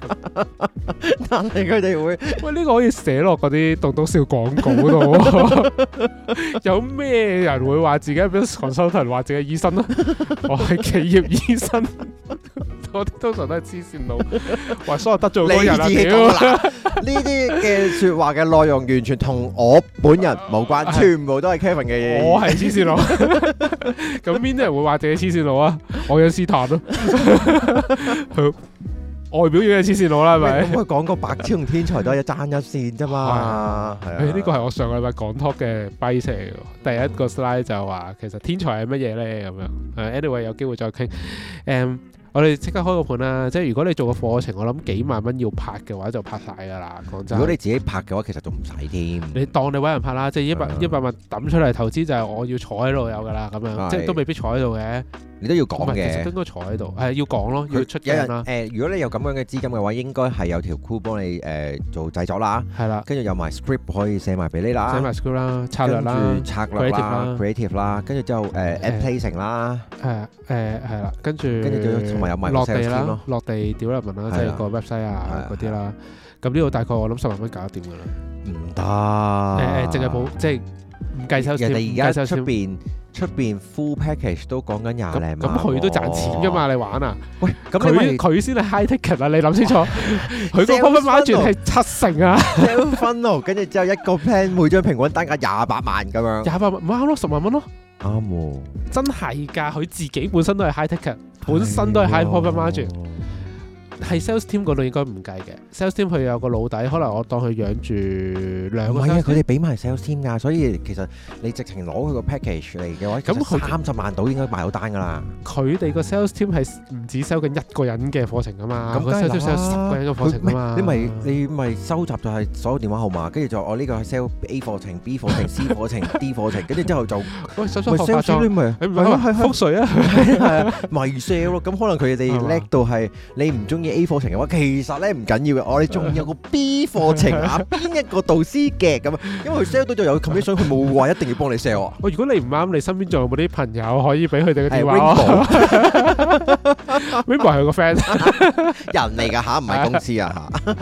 但係佢哋會喂，呢個可以寫落嗰啲動到笑廣告度， [laughs] 有咩人會話自己係 business consultant，話自己係醫生咧？我係企業醫生。 [laughs] 我通常都係黐線佬，話所有得罪人做呢啲嘅說話嘅內容完全同我本人冇關係，啊、全部都係 Kevin 嘅嘢。我係黐線佬，咁邊啲人會話自己黐線佬啊？愛因斯坦咯、啊，好 [laughs] [laughs] 外表已經係黐線佬啦，係咪？咁佢講個白痴同天才都係一爭一線啫嘛，係哇啊。呢、哎這個係我上個禮拜講 talk 嘅 base 嚟嘅，第一個 slide 就話其實天才係乜嘢咧咁樣。誒，anyway，有機會再傾，誒、um。我哋即刻開個盤啦！即係如果你做個課程，我諗幾萬蚊要拍嘅話，就拍曬㗎啦。講真，如果你自己拍嘅話，其實都唔使添。你當你揾人拍啦，即係一百、嗯、一百萬抌出嚟投資，就係我要坐喺度有㗎啦。咁樣、嗯、即係都未必坐喺度嘅。你都要講嘅，其實應該坐喺度，係要講咯，要出鏡啦。誒，如果你有咁樣嘅資金嘅話，應該係有條箍幫你誒做製作啦。係啦，跟住有埋 script 可以寫埋俾你啦。寫埋 script 啦，策略啦，策略啦，creative 啦，跟住之後誒 ad placing 啦。係啊，誒係啦，跟住跟住仲有埋落地啦，落地掉入嚟啦，即係個 website 啊嗰啲啦。咁呢度大概我諗十萬蚊搞得掂㗎啦。唔得，誒誒，淨係冇即係唔計收少，人哋而家出邊。出邊 full package 都講緊廿零萬，咁佢都賺錢㗎嘛？哦、你玩啊？喂，咁你佢先係 high ticket 啊？你諗清楚？佢哇 [laughs] 個 profit margin 係七成啊 sell 分咯，跟住之後一個 plan 每張平均單價廿八萬咁樣，廿八萬唔啱咯，十萬蚊咯，啱喎，真係㗎，佢自己本身都係 high ticket，吧本身都係 high profit margin。係 sales team 嗰度應該唔計嘅，sales team 佢有個老底，可能我當佢養住兩個。唔係啊，佢哋俾埋 sales team 㗎，所以其實你直情攞佢個 package 嚟嘅話，咁佢三十萬到應該賣到單㗎啦。佢哋個 sales team 係唔止 sell 緊一個人嘅課程㗎嘛，佢 sell 十個人嘅課程㗎嘛。你咪你咪收集就係所有電話號碼，跟住就我呢個 sell A 課程、B 課程、C 課程、D 課程，跟住之後就 sell。sell 你咪你咪撲水啊，係啊，咪 sell 咯。咁可能佢哋叻到係你唔中意。A 課程嘅話，其實咧唔緊要嘅。我哋仲有個 B 課程啊，邊一個導師嘅咁啊？因為佢 sell 到就有 commission，佢冇話一定要幫你 sell。我如果你唔啱，你身邊仲有冇啲朋友可以俾佢哋嘅電話我？Ringbo 係個 friend 人嚟噶吓，唔係公司啊吓。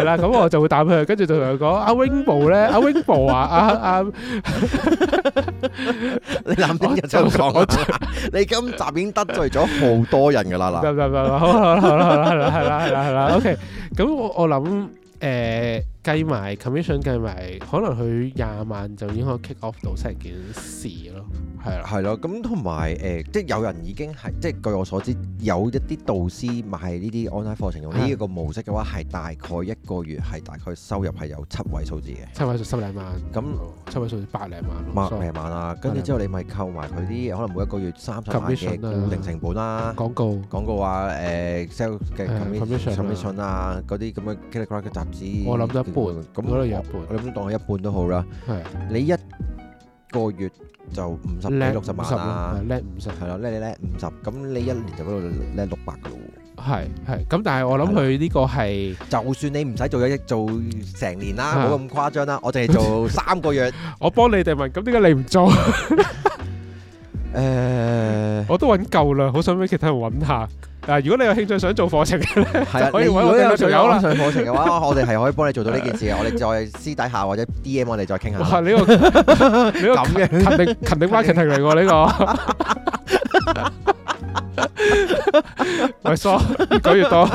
係啦，咁我就會答佢，跟住就同佢講啊。Ringbo 咧，啊 Ringbo 啊，啊啊，你諗啲嘢真係唔講得出。你今集已經得罪咗好多人噶啦，嗱。係啦，係啦，係啦，係啦，OK。咁我我諗，誒計埋 commission，計埋，可能佢廿萬就已經可以 kick off 到成件事咯。係啦，係咯，咁同埋誒，即係有人已經係，即係據我所知，有一啲導師賣呢啲 online 課程用呢一個模式嘅話，係大概一個月係大概收入係有七位數字嘅，七位數十零萬，咁七位數百零萬，百零萬啊！跟住之後你咪扣埋佢啲，可能每一個月三十萬嘅固定成本啦，廣告廣告啊，誒 sell 嘅 commission 啊，嗰啲咁嘅 kilogram 嘅雜誌，我諗咗一半，咁我諗有一半，我諗當佢一半都好啦。你一個月。就五十幾六十萬啦，叻五十，係咯叻叻叻五十，咁你一年就嗰度叻六百噶咯。係係，咁但係我諗佢呢個係，就算你唔使做一億做成年啦，冇咁誇張啦，我淨係做三個月，我幫你哋問，咁點解你唔做？誒，我都揾夠啦，好想俾其他人揾下。嗱，如果你有興趣想做課程嘅咧，可以搵我做線上課程嘅話，我哋係可以幫你做到呢件事嘅。我哋再私底下或者 DM 我哋再傾下。呢你咁嘅，肯定肯定 marketing 嚟喎呢個。咪疏，越講越多。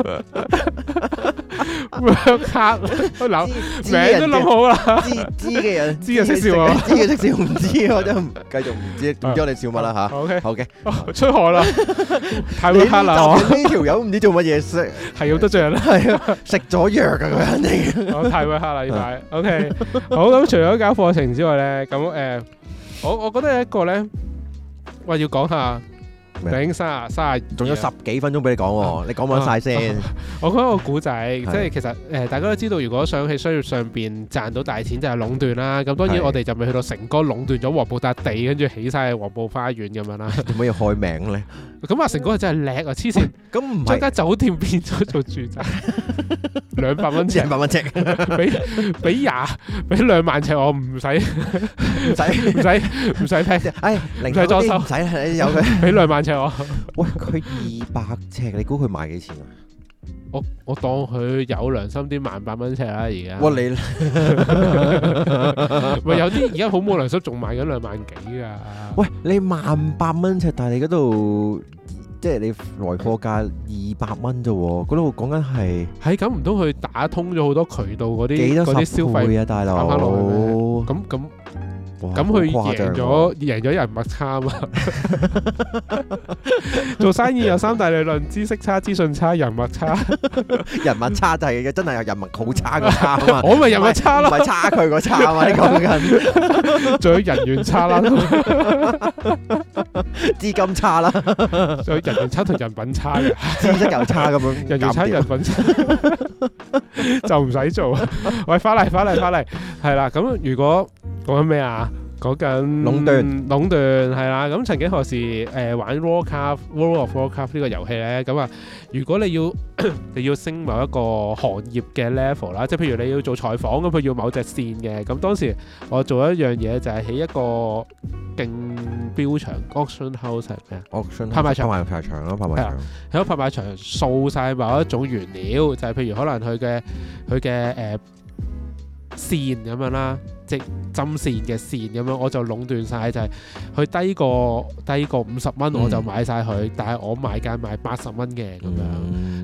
work 卡，樓，名都諗好啦。知知嘅人，知嘅識笑，知嘅識笑唔知，我真係。繼續唔知，點知我哋笑乜啦吓？OK，好嘅，出汗啦。太會黑啦！呢條友唔知做乜嘢食，係要得罪人啦。係啊，食咗藥噶佢肯定。我太會黑啦要睇。OK，好咁，除咗搞課程之外咧，咁誒，我我覺得有一個咧，我要講下。頂卅卅，仲有 30, 30, 十幾分鐘俾 Yeah. 你講，啊、你講講晒先、啊啊。我講個古仔，是的 即係其實誒、呃，大家都知道，如果想喺商業上邊賺到大錢就壟斷，就係壟斷啦。咁當然我哋就未去到成個壟斷咗黃埔笪地，跟住起晒黃埔花園咁樣啦。點解是的 要開名咧？ [laughs] 咁啊，阿成哥啊，真係叻啊！黐線！咁唔係，將間酒店變咗做住宅，兩百蚊尺，兩百蚊尺，俾俾廿，俾兩萬尺我唔使，唔使用，唔使， [laughs] 唔使聽，哎，零頭裝修，唔使、okay，有佢俾兩萬尺我。喂，佢二百尺，你估佢賣幾錢啊？我我當佢有良心啲萬八蚊尺啊，而家。喂你，喂，有啲而家好冇良心，仲賣緊兩萬幾㗎。喂，你萬八蚊尺，但係你嗰度即係你來貨價二百蚊啫，嗰度講緊係。係咁唔通佢打通咗好多渠道嗰啲嗰啲消費啊大佬大佬？咁咁。咁佢贏咗，贏咗哇人脈差啊！ [laughs] [laughs] 做生意有三大理論：知識差、資訊差、人脈差。 [laughs] 人脈差就係、是、真係人脈好差嘅差啊！我咪人脈差咯，唔係差佢個差啊！你個最近，仲有人緣差,差, [laughs] 差啦，資金差啦，仲 [laughs] 有人緣差同人品差嘅，知識又差咁樣，人緣差、人品差 [laughs] [laughs] 就唔使做。 [laughs] 喂，返嚟，返嚟，返嚟，係啦。咁如果講緊咩啊？講緊壟斷，壟斷係啦。咁曾經何時誒、呃、玩 World of Warcraft World of Warcraft 呢個遊戲咧？咁啊，如果你要你要升某一個行業嘅 level 啦，即係譬如你要做採訪咁，佢要某隻線嘅。咁當時我做一樣嘢就係、是、起一個競標場 auction house 係咩啊？auction house 拍賣場，拍賣場咯，拍賣場，喺個拍賣場掃晒某一種原料，就係、是、譬如可能佢嘅佢嘅誒。線咁樣啦，即針線嘅線咁樣，我就壟斷晒。就係、是、佢低過低過五十蚊我就買晒佢，嗯、但係我買價賣八十蚊嘅咁樣，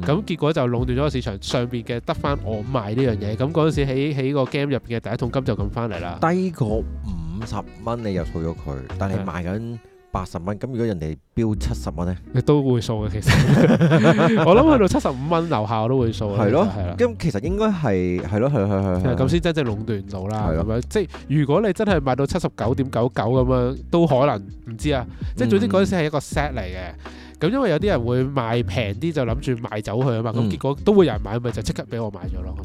咁、嗯、結果就壟斷咗個市場上邊嘅，得翻我賣呢樣嘢，咁嗰陣時喺喺個 game 入邊嘅第一桶金就咁翻嚟啦。低過五十蚊你又套咗佢，但係賣緊八十蚊，咁如果人哋標七十蚊咧，你都會數嘅。其 [laughs] 實我諗去到七十五蚊樓下，我都會數。係咯的，係啦，就是。咁其實應該係，係咯，係，係，係，係咁先真正壟斷到啦。係咪的？即係如果你真係賣到七十九點九九咁樣，都可能唔知啊。即係總之嗰陣時係一個 set 嚟嘅。嗯咁因為有啲人會賣平啲，就諗住賣走佢啊嘛，咁結果都會有人買，咪就即刻俾我買咗咯。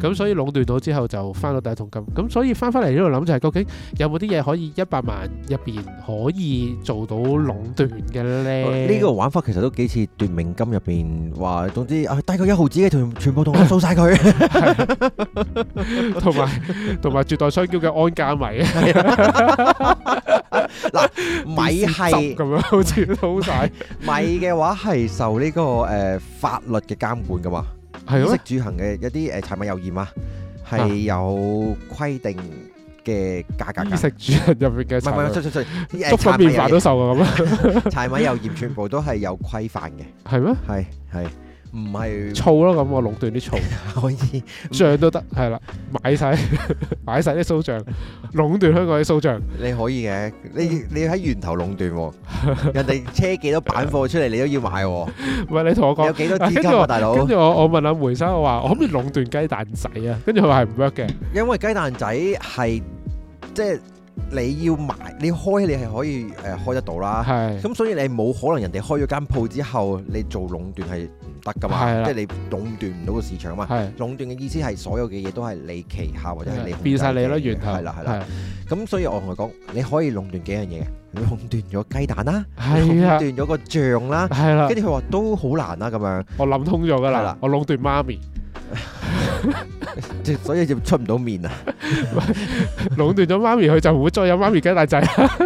咁所以壟斷到之後就翻到第一桶金。咁所以翻翻嚟呢度諗就係究竟有冇啲嘢可以一百萬入邊可以做到壟斷嘅咧？呢個玩法其實都幾似奪命金入邊話，總之啊低過一毫子嘅同全部同我掃曬佢，同埋同埋絕代雙驕嘅安家米。嗱， [laughs] 米係咁樣，好似好晒。米嘅話係受呢個誒法律嘅監管噶嘛，食嗎住行嘅一啲誒柴米油鹽啊，係有規定嘅價格價。食住入面嘅，唔係唔係，隨隨隨，足足面面都受啊咁柴米油鹽、欸、全部都係有規範嘅，係咩嗎？係係。唔係醋咯，咁我壟斷啲醋 [laughs] 可以醬都得，係啦，買晒買晒啲蘇醬，壟斷香港啲蘇醬，你可以嘅，你你要喺源頭壟斷， [laughs] 人哋車幾多板貨出嚟， [laughs] 你都要買，唔係 [laughs] 你同我講有幾多資金？啊，大佬、啊？跟住我我問阿梅生，我話我可唔可以壟斷雞蛋仔啊？跟住佢話係唔 work 嘅，因為雞蛋仔係即係。你要買你開，你係可以誒、呃、開得到啦，咁是的 所以你冇可能人哋開咗間鋪之後你做壟斷係唔得噶嘛，是的 即係你壟斷唔到個市場嘛。壟斷嘅意思係所有嘅嘢都係你旗下或者係你，的變晒你咯源頭。係啦係啦，咁所以我同佢講，你可以壟斷幾樣嘢嘅。你壟斷咗雞蛋啦、啊，壟斷咗個醬啦、啊，係啦是的、啊，跟住佢話都好難啦咁樣。我諗通咗噶啦，我壟斷媽咪。 [laughs] 所以就出唔到面啊！壟斷咗媽咪，佢就唔會再有媽咪咁大仔。 [laughs]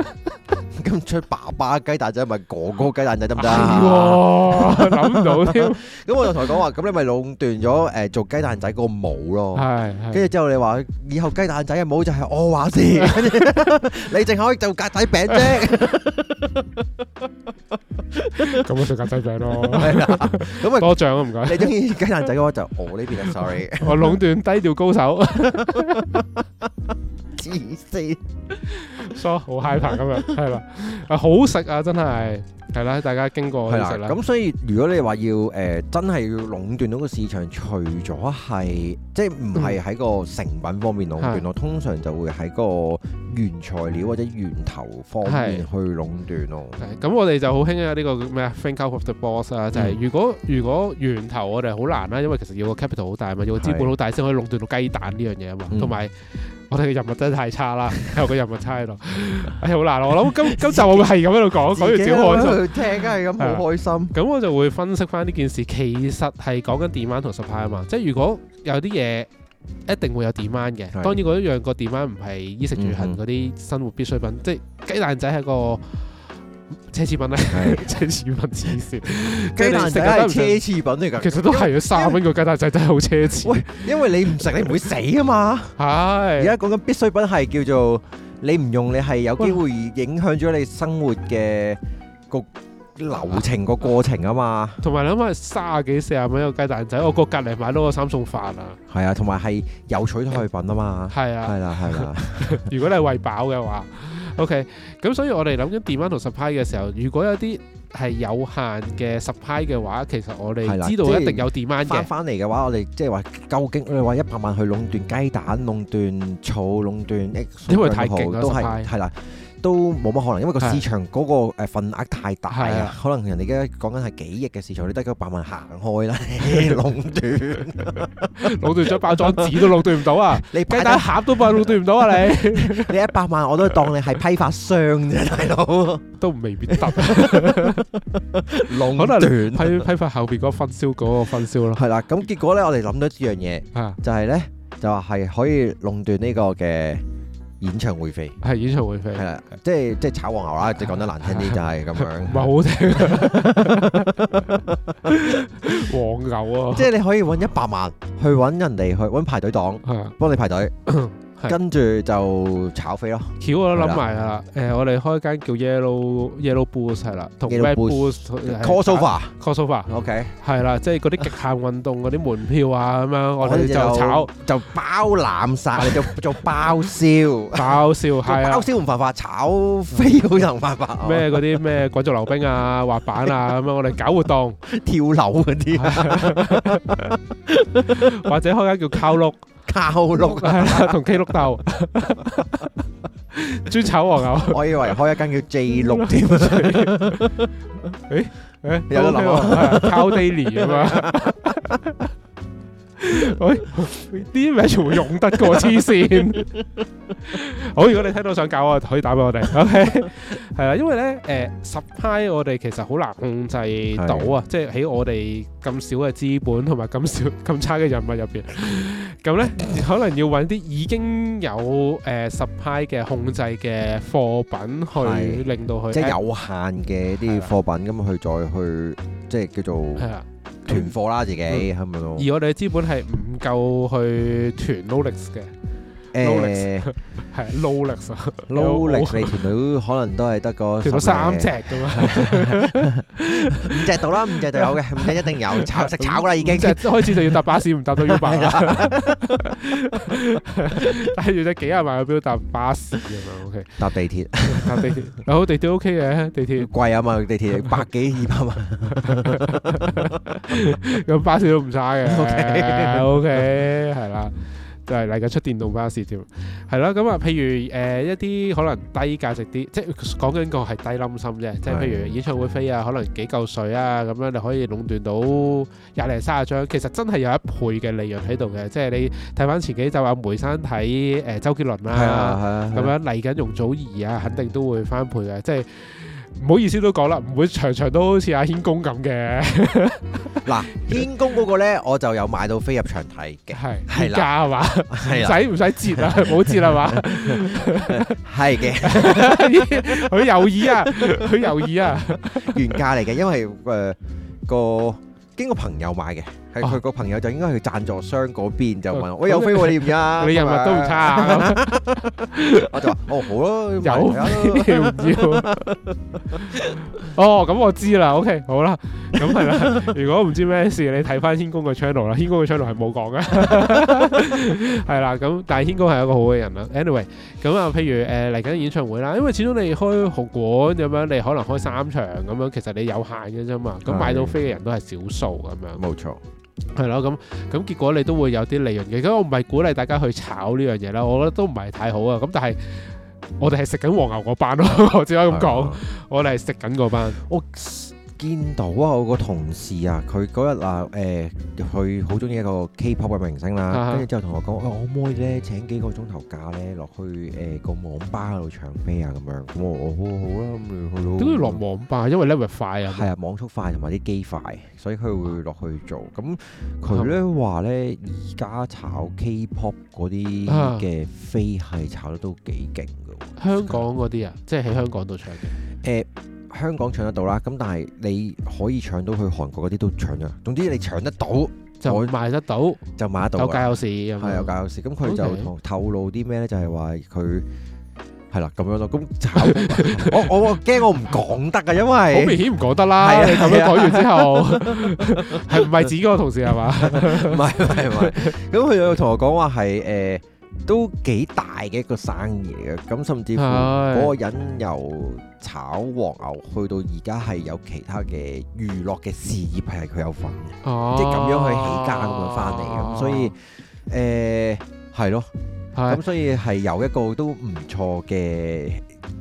咁出爸爸雞蛋仔，咪哥哥雞蛋仔得唔得？諗唔到添。咁我就同佢講話，咁你咪壟斷咗誒做雞蛋仔個模咯。係。跟住之後你話，以後雞蛋仔嘅模就係我話事，你淨可以做格仔餅啫。咁咪做格仔餅咯。係啦。咁咪多獎唔該。你中意雞蛋仔嘅話，就我呢邊啊。Sorry。我壟斷低調高手。啲先，梳好 high 棚咁樣，係啦，係好食啊，真係係啦，大家經過係啦，咁所以如果你話要誒、呃，真係要壟斷到個市場，除咗係即係唔係喺個成品方面壟斷咯，嗯、通常就會喺個原材料或者源頭方面去壟斷咯。咁對，我哋就好興啊，呢個咩啊，Think out of the Boss 啊，就係如果、嗯、如果源頭我哋好難啦，因為其實要個 capital 好大嘛，要個資本好大先可以壟斷到雞蛋呢樣嘢啊嘛，同埋有。嗯我哋嘅任務真係太差啦，有個任務差喺度， [laughs] 哎好難咯！我諗今今集我會係咁喺度講，己所以少開，開心。聽係咁好開心，咁我就會分析翻呢件事。其實係講緊 demand 同 supply 啊嘛，即係如果有啲嘢一定會有 demand 嘅。當然嗰一樣個 demand 唔係衣食的住行嗰啲生活必需品，嗯、即係雞蛋仔係個。奢侈品啊，的奢侈品，黐線，雞蛋仔係奢侈品嚟噶，其實都係啊，欸、三蚊個雞蛋仔真係好奢侈、欸。因為你唔食你唔會死啊嘛。係的。而家講緊必需品係叫做你唔用你係有機會影響咗你生活嘅個流程哇個過程啊嘛。同埋你諗下三啊幾四啊蚊一個雞蛋仔，我過隔籬買多個三餸飯啊。係啊，同埋係有取代品啊嘛。係啊的。係啦的，係啦。 [laughs] 如果你係喂飽嘅話。OK，咁所以我哋諗緊 demand 同 supply 嘅時候，如果有啲係有限嘅 supply 嘅話，其實我哋知道、就是、一定有 demand 嘅。翻嚟嘅話，我哋即係話究竟我哋話一百萬去壟斷雞蛋、壟斷草、壟斷，因為太勁啦 supply 係啦。都冇乜可能，因為個市場嗰個誒份額太大啊！可能人哋而家講緊係幾億嘅市場，你得個百萬行開啦，壟斷壟斷咗包裝紙都壟斷唔到啊！你雞蛋盒都壟斷唔到啊！你你一百萬我都當你係批發商啫，大佬都未必得，壟斷批批發後邊嗰分銷嗰個分銷咯。係啦，咁結果咧，我哋諗到一樣嘢，就係咧，就話係可以壟斷呢個嘅。演唱會飛，係演唱會飛係啦，即係即係炒黃牛啦，即係講得難聽啲 [laughs] 就係咁樣，唔好聽黃牛啊！即係你可以揾一百萬去揾人哋去揾排隊黨，係啊，幫你排隊。 [coughs] 跟住就炒飛咯！巧我都諗埋啦，誒，我哋開間叫 Yellow Yellow Boost 係啦，同 White Boost，Cosplay，Cosplay，OK 係啦，即係嗰啲極限運動嗰啲門票啊咁樣，我哋就炒就包攬曬，就做包銷，包銷係啊，包銷唔犯法，炒飛好啲就麻煩。咩嗰啲咩滾軸溜冰啊、滑板啊咁樣，我哋搞活動、跳樓嗰啲，或者開間叫烤爐。卡號六係啦，同 K 六斗專炒黃牛。我以為開一間叫 G 六添。誒誒，有樓啊？Call daily 啊嘛？喂，啲名全部用得過？黐線？好，如果你聽到想搞，可以打俾我哋。OK，係啦，因為咧誒，十趴我哋其實好難控制到啊，即係喺我哋咁少嘅資本同埋咁少咁差嘅人物入邊。咁咧，可能要揾啲已經有誒 supply 嘅控制嘅貨品去的令到佢，即係有限嘅啲貨品咁去的再去，即係叫做囤貨啦，自己係咪咯。嗯、嗎而我哋嘅資本係唔夠去囤努力嘅。誒，係勞力，勞力你條女可能都係得個，三條三隻㗎嘛，五隻到啦，五隻就有嘅，唔一定有炒食炒啦已經，即係一開始就要搭巴士，唔搭都要辦。係要隻幾廿萬個錶搭巴士啊嘛？O K，搭地鐵，搭地鐵，好地鐵 O K 嘅，地鐵貴啊嘛，地鐵百幾二百萬，咁巴士都唔差嘅，O K，O K，係啦。就係嚟緊出電動巴士添，係咯，咁啊。譬如誒一啲可能低價值啲，即係講緊個係低冧心啫。即係譬如演唱會飛啊，可能幾嚿水啊，咁樣你可以壟斷到廿零三十張，其實真係有一倍嘅利潤喺度嘅。即係你睇翻前幾集阿梅山睇誒周杰倫啦，咁、啊啊啊、樣嚟緊容祖兒啊，肯定都會翻倍嘅。即係。唔好意思都講啦，唔會場場都好似阿謙公咁嘅。嗱喇，謙公嗰個咧我就有買到飛入場睇嘅，係係價係嘛？係，使唔使折啊？冇 [laughs] 折啦嘛？係嘅，佢猶豫啊，佢猶豫啊， [laughs] 原價嚟嘅，因為誒個、呃、經過朋友買嘅。係佢個朋友就應該去佢讚助商嗰邊、哦、就問我：欸、有我有飛喎，你唔差？你人物都唔差、啊。 [laughs] [laughs] 我就話：哦，好咯，有啊，要唔要？哦，咁我知啦。OK，好啦，咁係啦。如果唔知咩事，你睇翻謙公嘅 channel 啦。謙公嘅 channel 係冇講嘅，係 [laughs] 啦。咁但係謙公係一個好嘅人啦。Anyway，咁啊，譬如誒嚟緊演唱會啦，因為始終你開紅館咁樣，你可能開三場咁樣，其實你有限嘅啫嘛。咁買到飛嘅人都係少數咁樣。冇錯。係咯，咁咁結果你都會有啲利潤嘅。咁我唔係鼓勵大家去炒呢樣嘢啦，我覺得都唔係太好啊。咁但係我哋係食緊黃牛嗰班咯，我只可以咁講。我哋係食緊嗰班。見到啊！我個同事啊，佢嗰日啊，誒、呃，佢好中意一個 K-pop 嘅明星啦，啊、跟住之後同我講：誒、嗯哎，我可唔可以咧請幾個鐘頭假咧落去誒、呃、個網吧度唱飛啊咁樣？咁、嗯、我我好好啦，咁你去咯。都要落網吧，嗯嗯、因為咧，快啊！係、嗯、啊，網速快同埋啲機快，所以佢會落去做。咁佢咧話咧，而家、啊、炒 K-pop 嗰啲嘅飛係炒得都幾勁㗎。香港嗰啲啊，即係喺香港度唱嘅。嗯呃香港搶得到啦，咁但係你可以搶到去韓國嗰啲都搶咗。總之你搶得到就賣得到，就賣得到。得到有價有市，係有價有市。咁佢他就 Okay. 透露啲咩咧？就係話佢係啦咁樣咯。咁炒，我 [laughs] 我驚我唔講得啊，因為好明顯唔講得啦。你頭先講完之後，係唔係自己個同事係嘛？唔係唔係唔係。咁 [laughs] 佢 [laughs] 又同我講話係誒。都幾大嘅一個生意嘅，咁甚至乎嗰個人由炒黃牛去到而家係有其他嘅娛樂嘅事業係佢有份嘅，啊、即係咁樣去起家咁樣翻嚟嘅，啊、所以誒係、呃、咯，咁是所以係有一個都唔錯嘅，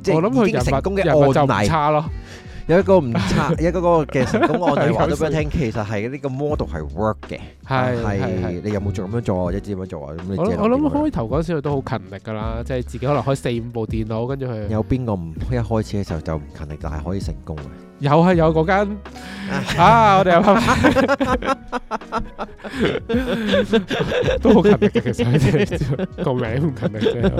即係我諗佢成功嘅案例就唔差咯， [laughs] 有一個唔差 [laughs] 一個嗰個嘅咁我哋話俾佢聽，其實係呢個 model 係 work 嘅。係係，你有冇做咁樣做或者知點樣做啊？咁你我我諗開頭嗰時佢都好勤力噶啦，即係 [laughs] 自己可能開四五部電腦，跟住佢有邊個唔一開始嘅時候就唔勤力，但係可以成功嘅？有啊，有嗰間啊，我哋有。 [laughs] [laughs] 都好勤力嘅，其實，即係個名唔勤力啫。係、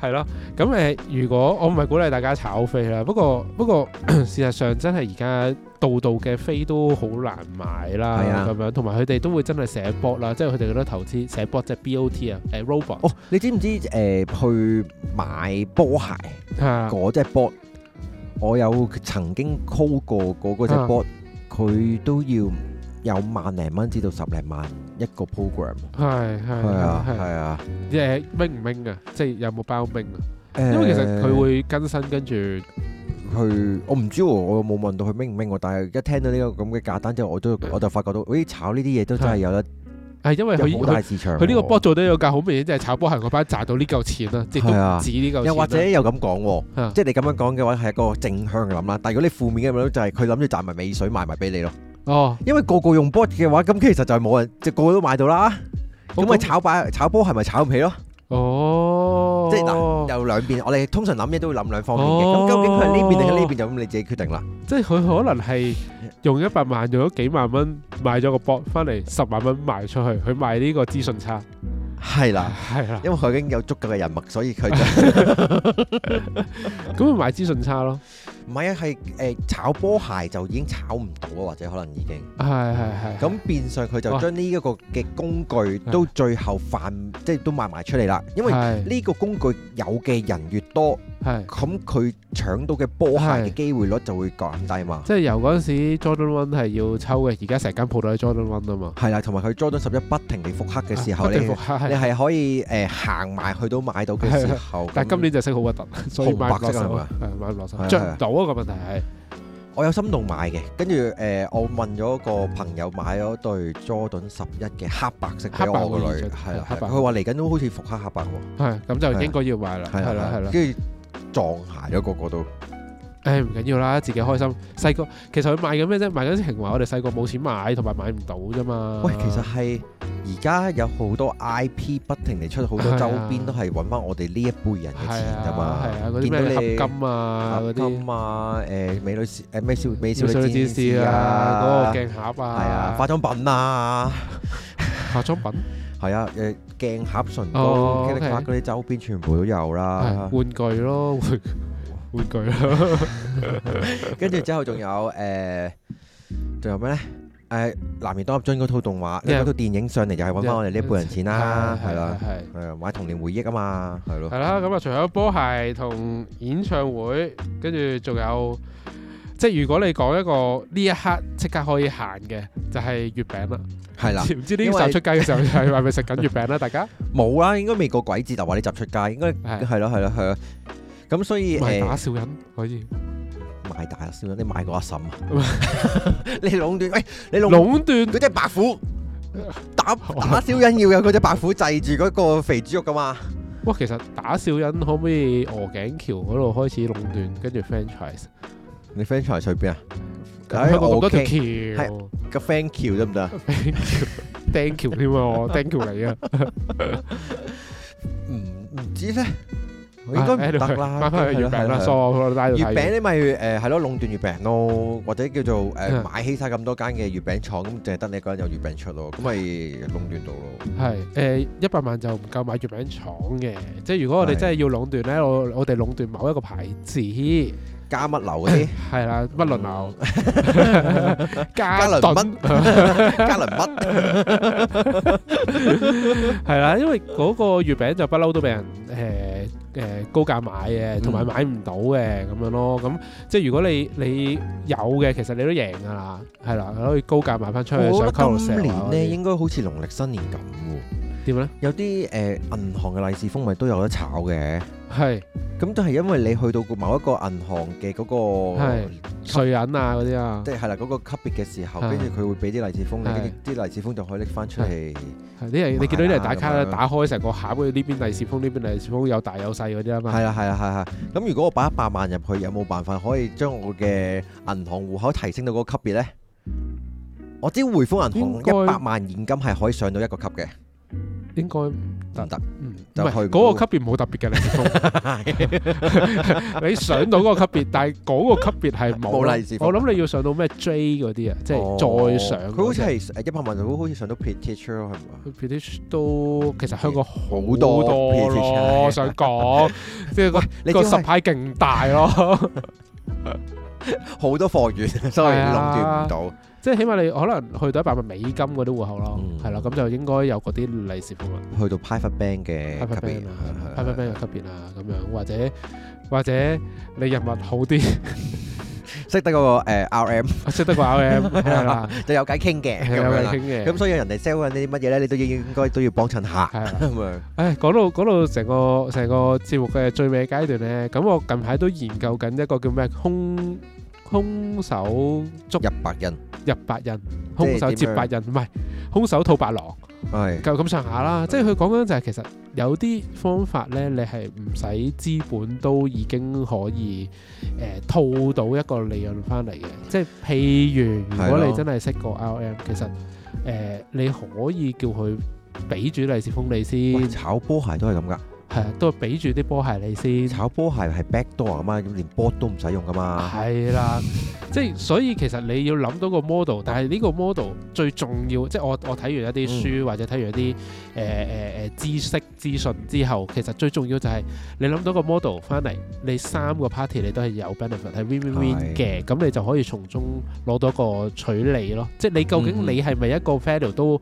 okay? 咯， [laughs] 咁誒、呃，如果我唔係鼓勵大家炒飛啦，不過不過事實上真係而家。度度嘅飛都好難買啦，咁樣，同埋佢哋都會真係寫博啦，即係佢哋嗰啲投資寫博即係 BOT 啊，誒 robot。哦，你知唔知誒去買波鞋嗰隻 bot？我有曾經 call 過嗰個隻 bot，佢都要有萬零蚊至到十零萬一個 program。係係係啊係啊！即係明唔明啊？即係有冇包明啊？因為其實佢會更新跟住。去我唔知喎，我冇問到佢明唔明喎，但係一聽到呢個咁嘅價單之後，我都我就發覺到，咦、哎、炒呢啲嘢都真係有得，係因為佢好大市場。佢呢個波我做得呢個價，好明顯就係、是、炒波行嗰班賺到呢嚿錢啦，啊、即都唔止呢嚿。又或者又咁講，啊、即係你咁樣講嘅話，係一個正向嘅諗啦。但係如果你負面嘅諗就係佢諗住賺埋尾水賣埋俾你咯。哦，因為個個用波嘅話，咁其實就係冇人即個個都買到啦。咁咪炒炒波係咪炒唔起咯？哦，即係嗱，有兩邊，我哋通常諗嘢都會諗兩方面嘅。咁、哦、究竟佢係呢邊定喺呢邊就咁你自己決定啦。即係佢可能係用一百萬用咗幾萬蚊買咗個博翻嚟，十萬蚊賣出去，去賣呢個資訊差。係啦的，係啦的，因為佢已經有足夠嘅人脈，所以佢就。咁佢賣資訊差咯。唔係啊，係誒、呃、炒波鞋就已經炒唔到啊，或者可能已經係係係。咁、嗯、變相佢就將呢一個嘅工具哇 都最後泛，係係即係都賣埋出嚟啦。因為呢個工具有嘅人越多。係係嗯係咁，佢搶到嘅波鞋嘅機會率就會減低嘛。即係由嗰陣時 Jordan One 係要抽嘅，而家成間鋪都喺 Jordan One 啊嘛。係啦，同埋佢 Jordan 十一不停地復黑嘅時候咧，你係可以誒行埋去到買到嘅時候。但係今年就升好核突，所以買唔落身啊！係買唔落身。著唔到啊。個問題係，我有心動買嘅，跟住誒我問咗個朋友買咗對 Jordan 十一嘅黑白色，黑白色對係，佢話嚟緊都好似復黑黑白喎。係咁就應該要買啦，係啦係啦，跟住。撞鞋咗，個個都。誒唔緊要啦，自己開心。細個其實佢賣緊咩啫？賣緊情懷。我哋細個冇錢買，同埋買唔到啫嘛。喂，其實係而家有好多 IP 不停地出好多周邊，都係揾翻我哋呢一輩人嘅錢㗎嘛。啊，啊見合金啊，金啊，誒美女誒咩美少女戰士啊，嗰、啊、個鏡盒啊，係啊，化妝品啊， [laughs] 化妝品。係啊，誒鏡盒唇膏，跟住發嗰啲周邊全部都有啦。玩具咯，玩具咯，玩具啦。 [laughs] [laughs] 跟住之後仲有誒，仲、欸、有咩咧？誒、欸《男兒當入樽》嗰套動畫，嗰套是電影上嚟就係揾翻我哋呢輩人錢啦，係咯、就是，係啊的，買童年回憶啊嘛，係咯。係啦，咁啊，除咗波鞋同演唱會，跟住仲有。即係如果你講一個呢一刻即刻可以行嘅，就係月餅啦。係啦，唔知呢集出街嘅時候係咪食緊月餅咧？大家冇啦，應該未過鬼節就話你集出街，應該係，係咯、係咯、係咯。咁所以誒，打小人可以買大少人，你買過阿嬸啊？你壟斷喂，你壟，壟斷嗰隻白虎打打小人要有嗰隻白虎制住嗰個肥豬肉噶嘛？哇！其實打小人可唔可以鵝頸橋嗰度開始壟斷，跟住 franchise？你 friend 才出邊啊？咁我咁多條橋，個 friend 橋得唔得啊？thank you，thank you 添喎，thank you 你啊？唔唔知咧，應該唔得啦。月餅啦，月餅你咪誒，係咯，壟斷月餅咯，或者叫做誒買起晒咁多間嘅月餅廠，咁淨係得你一個人有月餅出咯，咁咪壟斷到咯。係誒，一百萬就唔夠買月餅廠嘅，即係如果我哋真係要壟斷咧，我我哋壟斷某一個牌子。加乜流嗰啲係啦，乜輪流加輪乜，加輪乜係啦，因為嗰個月餅就不嬲都俾人誒誒高價買嘅，同埋買唔到嘅咁樣咯。咁即係如果你你有嘅，其實你都贏噶啦，係啦，可以高價賣翻出去。我覺得今年咧應該好似農曆新年咁。點咧？有啲誒銀行嘅利是封咪都有得炒嘅。係。咁都係因為你去到某一個銀行嘅嗰個係歲銀啊嗰啲啊。即係係啦，嗰個級別嘅時候，跟住佢會俾啲利是封，你啲啲利是封就可以拎翻出嚟。係啲人你見到啲人打卡咧，打開成個盒，佢呢邊利是封，呢邊利是封，有大有細嗰啲啊嘛。係啦，係啦，係係。咁如果我擺一百萬入去，有冇辦法可以將我嘅銀行戶口提升到嗰個級別咧？我知匯豐銀行一百萬現金係可以上到一個級嘅。應該唔得唔得，唔係嗰個級別冇特別嘅，你上到嗰個級別，但係嗰個級別係冇例子。我諗你要上到咩 J 嗰啲啊，即係再上。佢好似係一百萬，好似上到 British 咯，係嘛？British 都其實香港好多多。我想講即係個個十牌勁大咯，好多貨源，所以壟斷唔到。即係起碼你可能去到一百萬美金嗰啲戶口咯，係啦，咁就應該有嗰啲利是款啦。去到 private bank 嘅 private bank 啊，private bank 嘅級別啊，咁樣或者或者你人物好啲，識得嗰個誒 RM，識得個 RM 係啦，就有偈傾嘅，有偈傾嘅。咁所以人哋 sell 緊啲乜嘢咧，你都應應該都要幫襯下。係啊，咁啊。唉，講到講到成個成個節目嘅最尾階段咧，咁我近排都研究緊一個叫咩空。空手捉入白刃，入白刃，白空手接白刃，唔係，空手套白狼，就咁上下啦。是即係佢講緊就係其實有啲方法咧，你係唔使資本都已經可以誒、呃、套到一個利潤翻嚟嘅。即係譬如如果你真係識個 R O M，的其實誒、呃、你可以叫佢俾住利是封利先，炒波鞋都係咁噶。係啊，都係比住啲波鞋你先。炒波鞋係 back door 啊嘛，咁連波都唔使用噶嘛。係啦了。 [laughs] 即係所以其實你要諗到個 model，但係呢個 model 最重要，即係我我睇完一啲書或者睇完一啲誒誒誒知識資訊之後，其實最重要就係、是、你諗到個 model 翻嚟，你三個 party 你都係有 benefit，係 win win win 嘅，咁的你就可以從中攞到個取利咯。即係你究竟你係咪一個 fail 都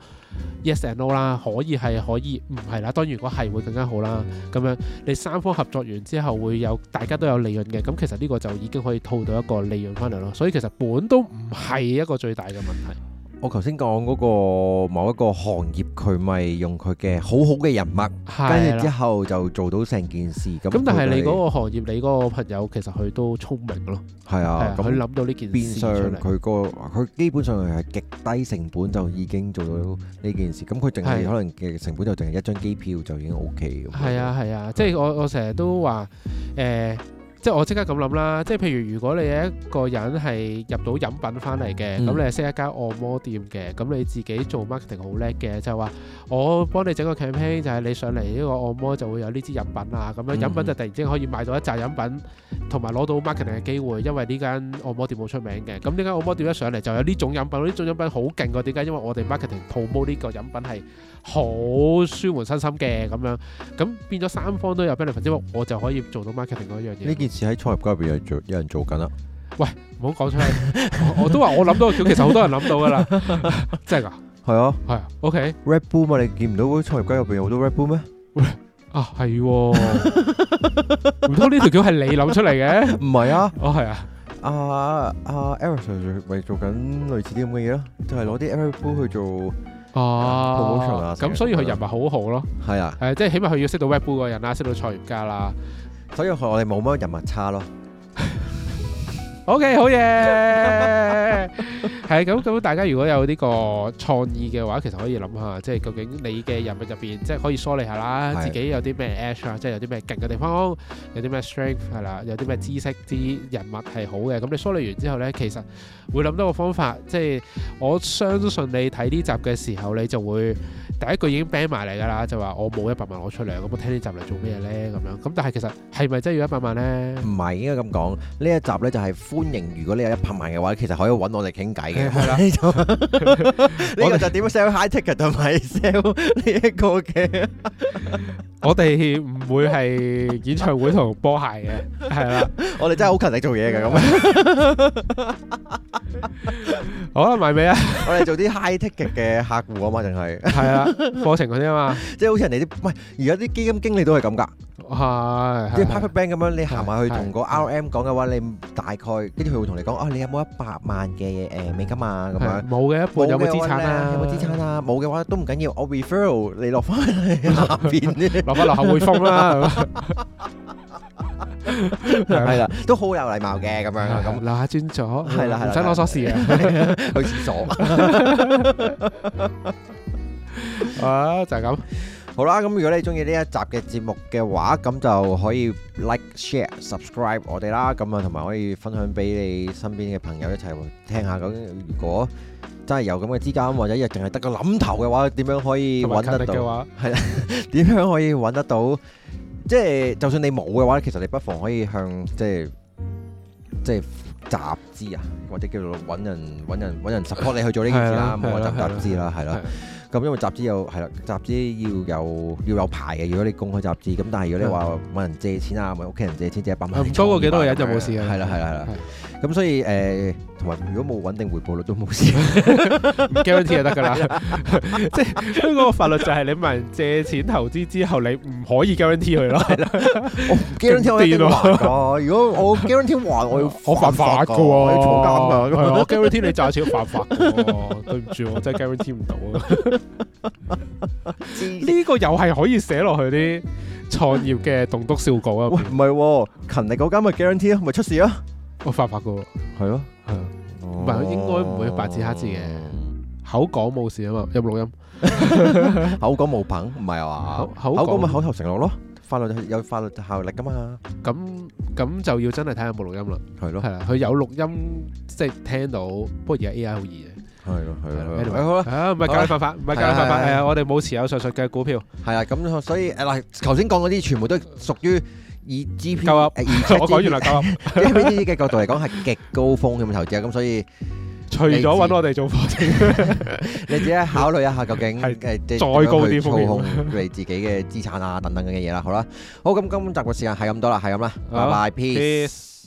yes and no 啦，可以係可以唔係啦，當然如果係會更加好啦。咁、嗯、樣你三方合作完之後會有大家都有利潤嘅，咁其實呢個就已經可以套到一個利潤翻嚟咯。所以其實本都唔係一個最大嘅問題。我頭先講嗰個某一個行業，佢咪用佢嘅好好嘅人脈跟住是的 之後就做到成件事咁。咁但係你嗰個行業，你嗰個朋友其實佢都聰明咯，係啊的，佢諗到呢件事變相佢、佢個佢基本上係極低成本就已經做到呢件事。咁佢淨係可能嘅成本就淨係一張機票就已經 OK。係啊係啊，即係我我成日都話誒。呃即係我即刻咁諗啦，即係譬如如果你有一個人係入到飲品翻嚟嘅，咁、嗯、你係識一間按摩店嘅，咁你自己做 marketing 好叻嘅，就係話我幫你整個 campaign，就係你上嚟呢個按摩就會有呢支飲品啊，咁樣飲品就突然之間可以買到一紮飲品，同埋攞到 marketing 嘅機會，因為呢間按摩店冇出名嘅。咁點解按摩店一上嚟就有呢種飲品？呢種飲品好勁㗎？點解？因為我哋 marketing promo 呢個飲品係。好舒緩身心嘅咁樣，咁變咗三方都有 benefit，即係我就可以做到 marketing 嗰樣嘢。呢件事喺創業家入邊有人做，有人做緊啦。喂，唔好講出嚟。我都話我諗到個橋，其實好多人諗到噶啦，真係噶？係啊，係。OK，Red Bull 嘛，你見唔到嗰啲創業家入邊有好多 Red Bull 咩？喂，啊係，唔通呢條橋係你諗出嚟嘅？唔係啊，哦係啊，啊啊，Erick 係咪做緊類似啲咁嘅嘢咯？就係攞啲 Red Bull 去做。哦，咁、啊嗯啊、所以佢人物好好咯，係啊，誒即係起碼佢要識到 Web 個人啦，識到創業家啦，所以我哋冇乜人物差咯。OK，好嘢，係咁，咁大家如果有呢個創意嘅話，其實可以諗下，即係究竟你嘅人物入邊，即係可以梳理下啦，的自己有啲咩 edge 啊，即係有啲咩勁嘅地方，有啲咩 strength 係啦，有啲咩知識啲人物係好嘅。咁你梳理完之後咧，其實會諗到個方法。即係我相信你睇呢集嘅時候，你就會第一句已經 ban 埋嚟㗎啦，就話我冇一百萬攞出嚟。咁我聽集呢集嚟做咩咧？咁樣咁，但係其實係咪真係要一百萬咧？唔係應該咁講，呢一集咧就係、是。歡迎！如果你有一百萬嘅話，其實可以搵我哋傾偈嘅。呢個就點 sell high ticket 同埋 sell 呢一個嘅。哈哈。我哋唔會係演唱會同波鞋嘅，係啦，我哋真係好勤力做嘢嘅咁。好啦，係咪啊？我哋做啲 high ticket 嘅客戶啊嘛，定係係啊，課程嗰啲啊嘛，即係好似人哋啲唔係，而家啲基金經理都係咁噶係即係 private bank 咁樣，你行埋去同個 RM 講嘅話，你大概，跟住佢會同你講，哦，你有冇一百萬嘅誒美金啊？咁樣冇嘅，一半有冇資產啊？有冇資產啊？冇嘅話都唔緊要，我 refer 你落翻去。落個樓下匯豐啦，係啦，都好有禮貌嘅咁樣，咁嗱轉左，係啦係啦，唔使攞鎖匙啊，去廁所啊，就係咁，好啦，咁如果你中意呢一集嘅節目嘅話，咁就可以 like、share、subscribe 我哋啦，咁啊同埋可以分享俾你身邊嘅朋友一齊聽下，咁如果，真係有咁嘅資金，或者亦淨係得個諗頭嘅話，點樣可以揾得到？係啦，點樣可以揾得到？即係就算你冇嘅話，其實你不妨可以向即係即係集資啊，bourg, 或者叫做揾人揾人揾人 support 你去做呢件事啦。冇話集資啦，係啦。咁因為集資又係啦，集資要有要有牌嘅。如果你公開集資咁，但係如果你話揾人借錢啊，問屋企人借錢借一百蚊，唔多過幾多個人就冇事嘅。係啦，係啦，係啦。咁所以誒。同埋，如果冇穩定回報率都冇事，guarantee [laughs] 就得噶對啦。即係香港嘅法律就係你問人借錢投資之後，你唔可以 guarantee 佢咯。 [laughs] 我 guarantee 可以如果我 guarantee 還，我要好犯法噶喎，坐監啊！ [laughs] 我覺得 guarantee 你賺錢犯法， [laughs] 對唔住，我真係 guarantee 唔到啊！呢 [laughs] 個又係可以寫落去啲創業嘅棟篤笑稿啊！喂，唔係勤力嗰間咪 guarantee 咯，咪出事啊！我犯法噶，係咯、啊。 [laughs] 唔係，佢應該唔會白紙黑字嘅口講冇事啊嘛，有冇錄音口講冇憑，唔係話口口講咪口頭承諾咯，法律有法律效力噶嘛，咁咁就要真係睇下冇錄音啦，係咯係啦，佢有錄音即係聽到，不過而家 AI 好易嘅，係咯係咯，好啦，唔係教你犯法，唔係教你犯法，係啊，我哋冇持有上述嘅股票，係啦，咁所以誒嗱，頭先講嗰啲全部都屬於。以 G P，我講完啦。G P 呢啲嘅角度嚟講係極高風險嘅投資，咁所以除咗搵我哋做火箭， [laughs] [laughs] 你自己考慮一下究竟係再高啲高空，佢哋自己嘅資產啊等等咁嘅嘢啦。好啦，好咁，今集嘅時間係咁多啦，係咁啦，拜拜好 bye，peace。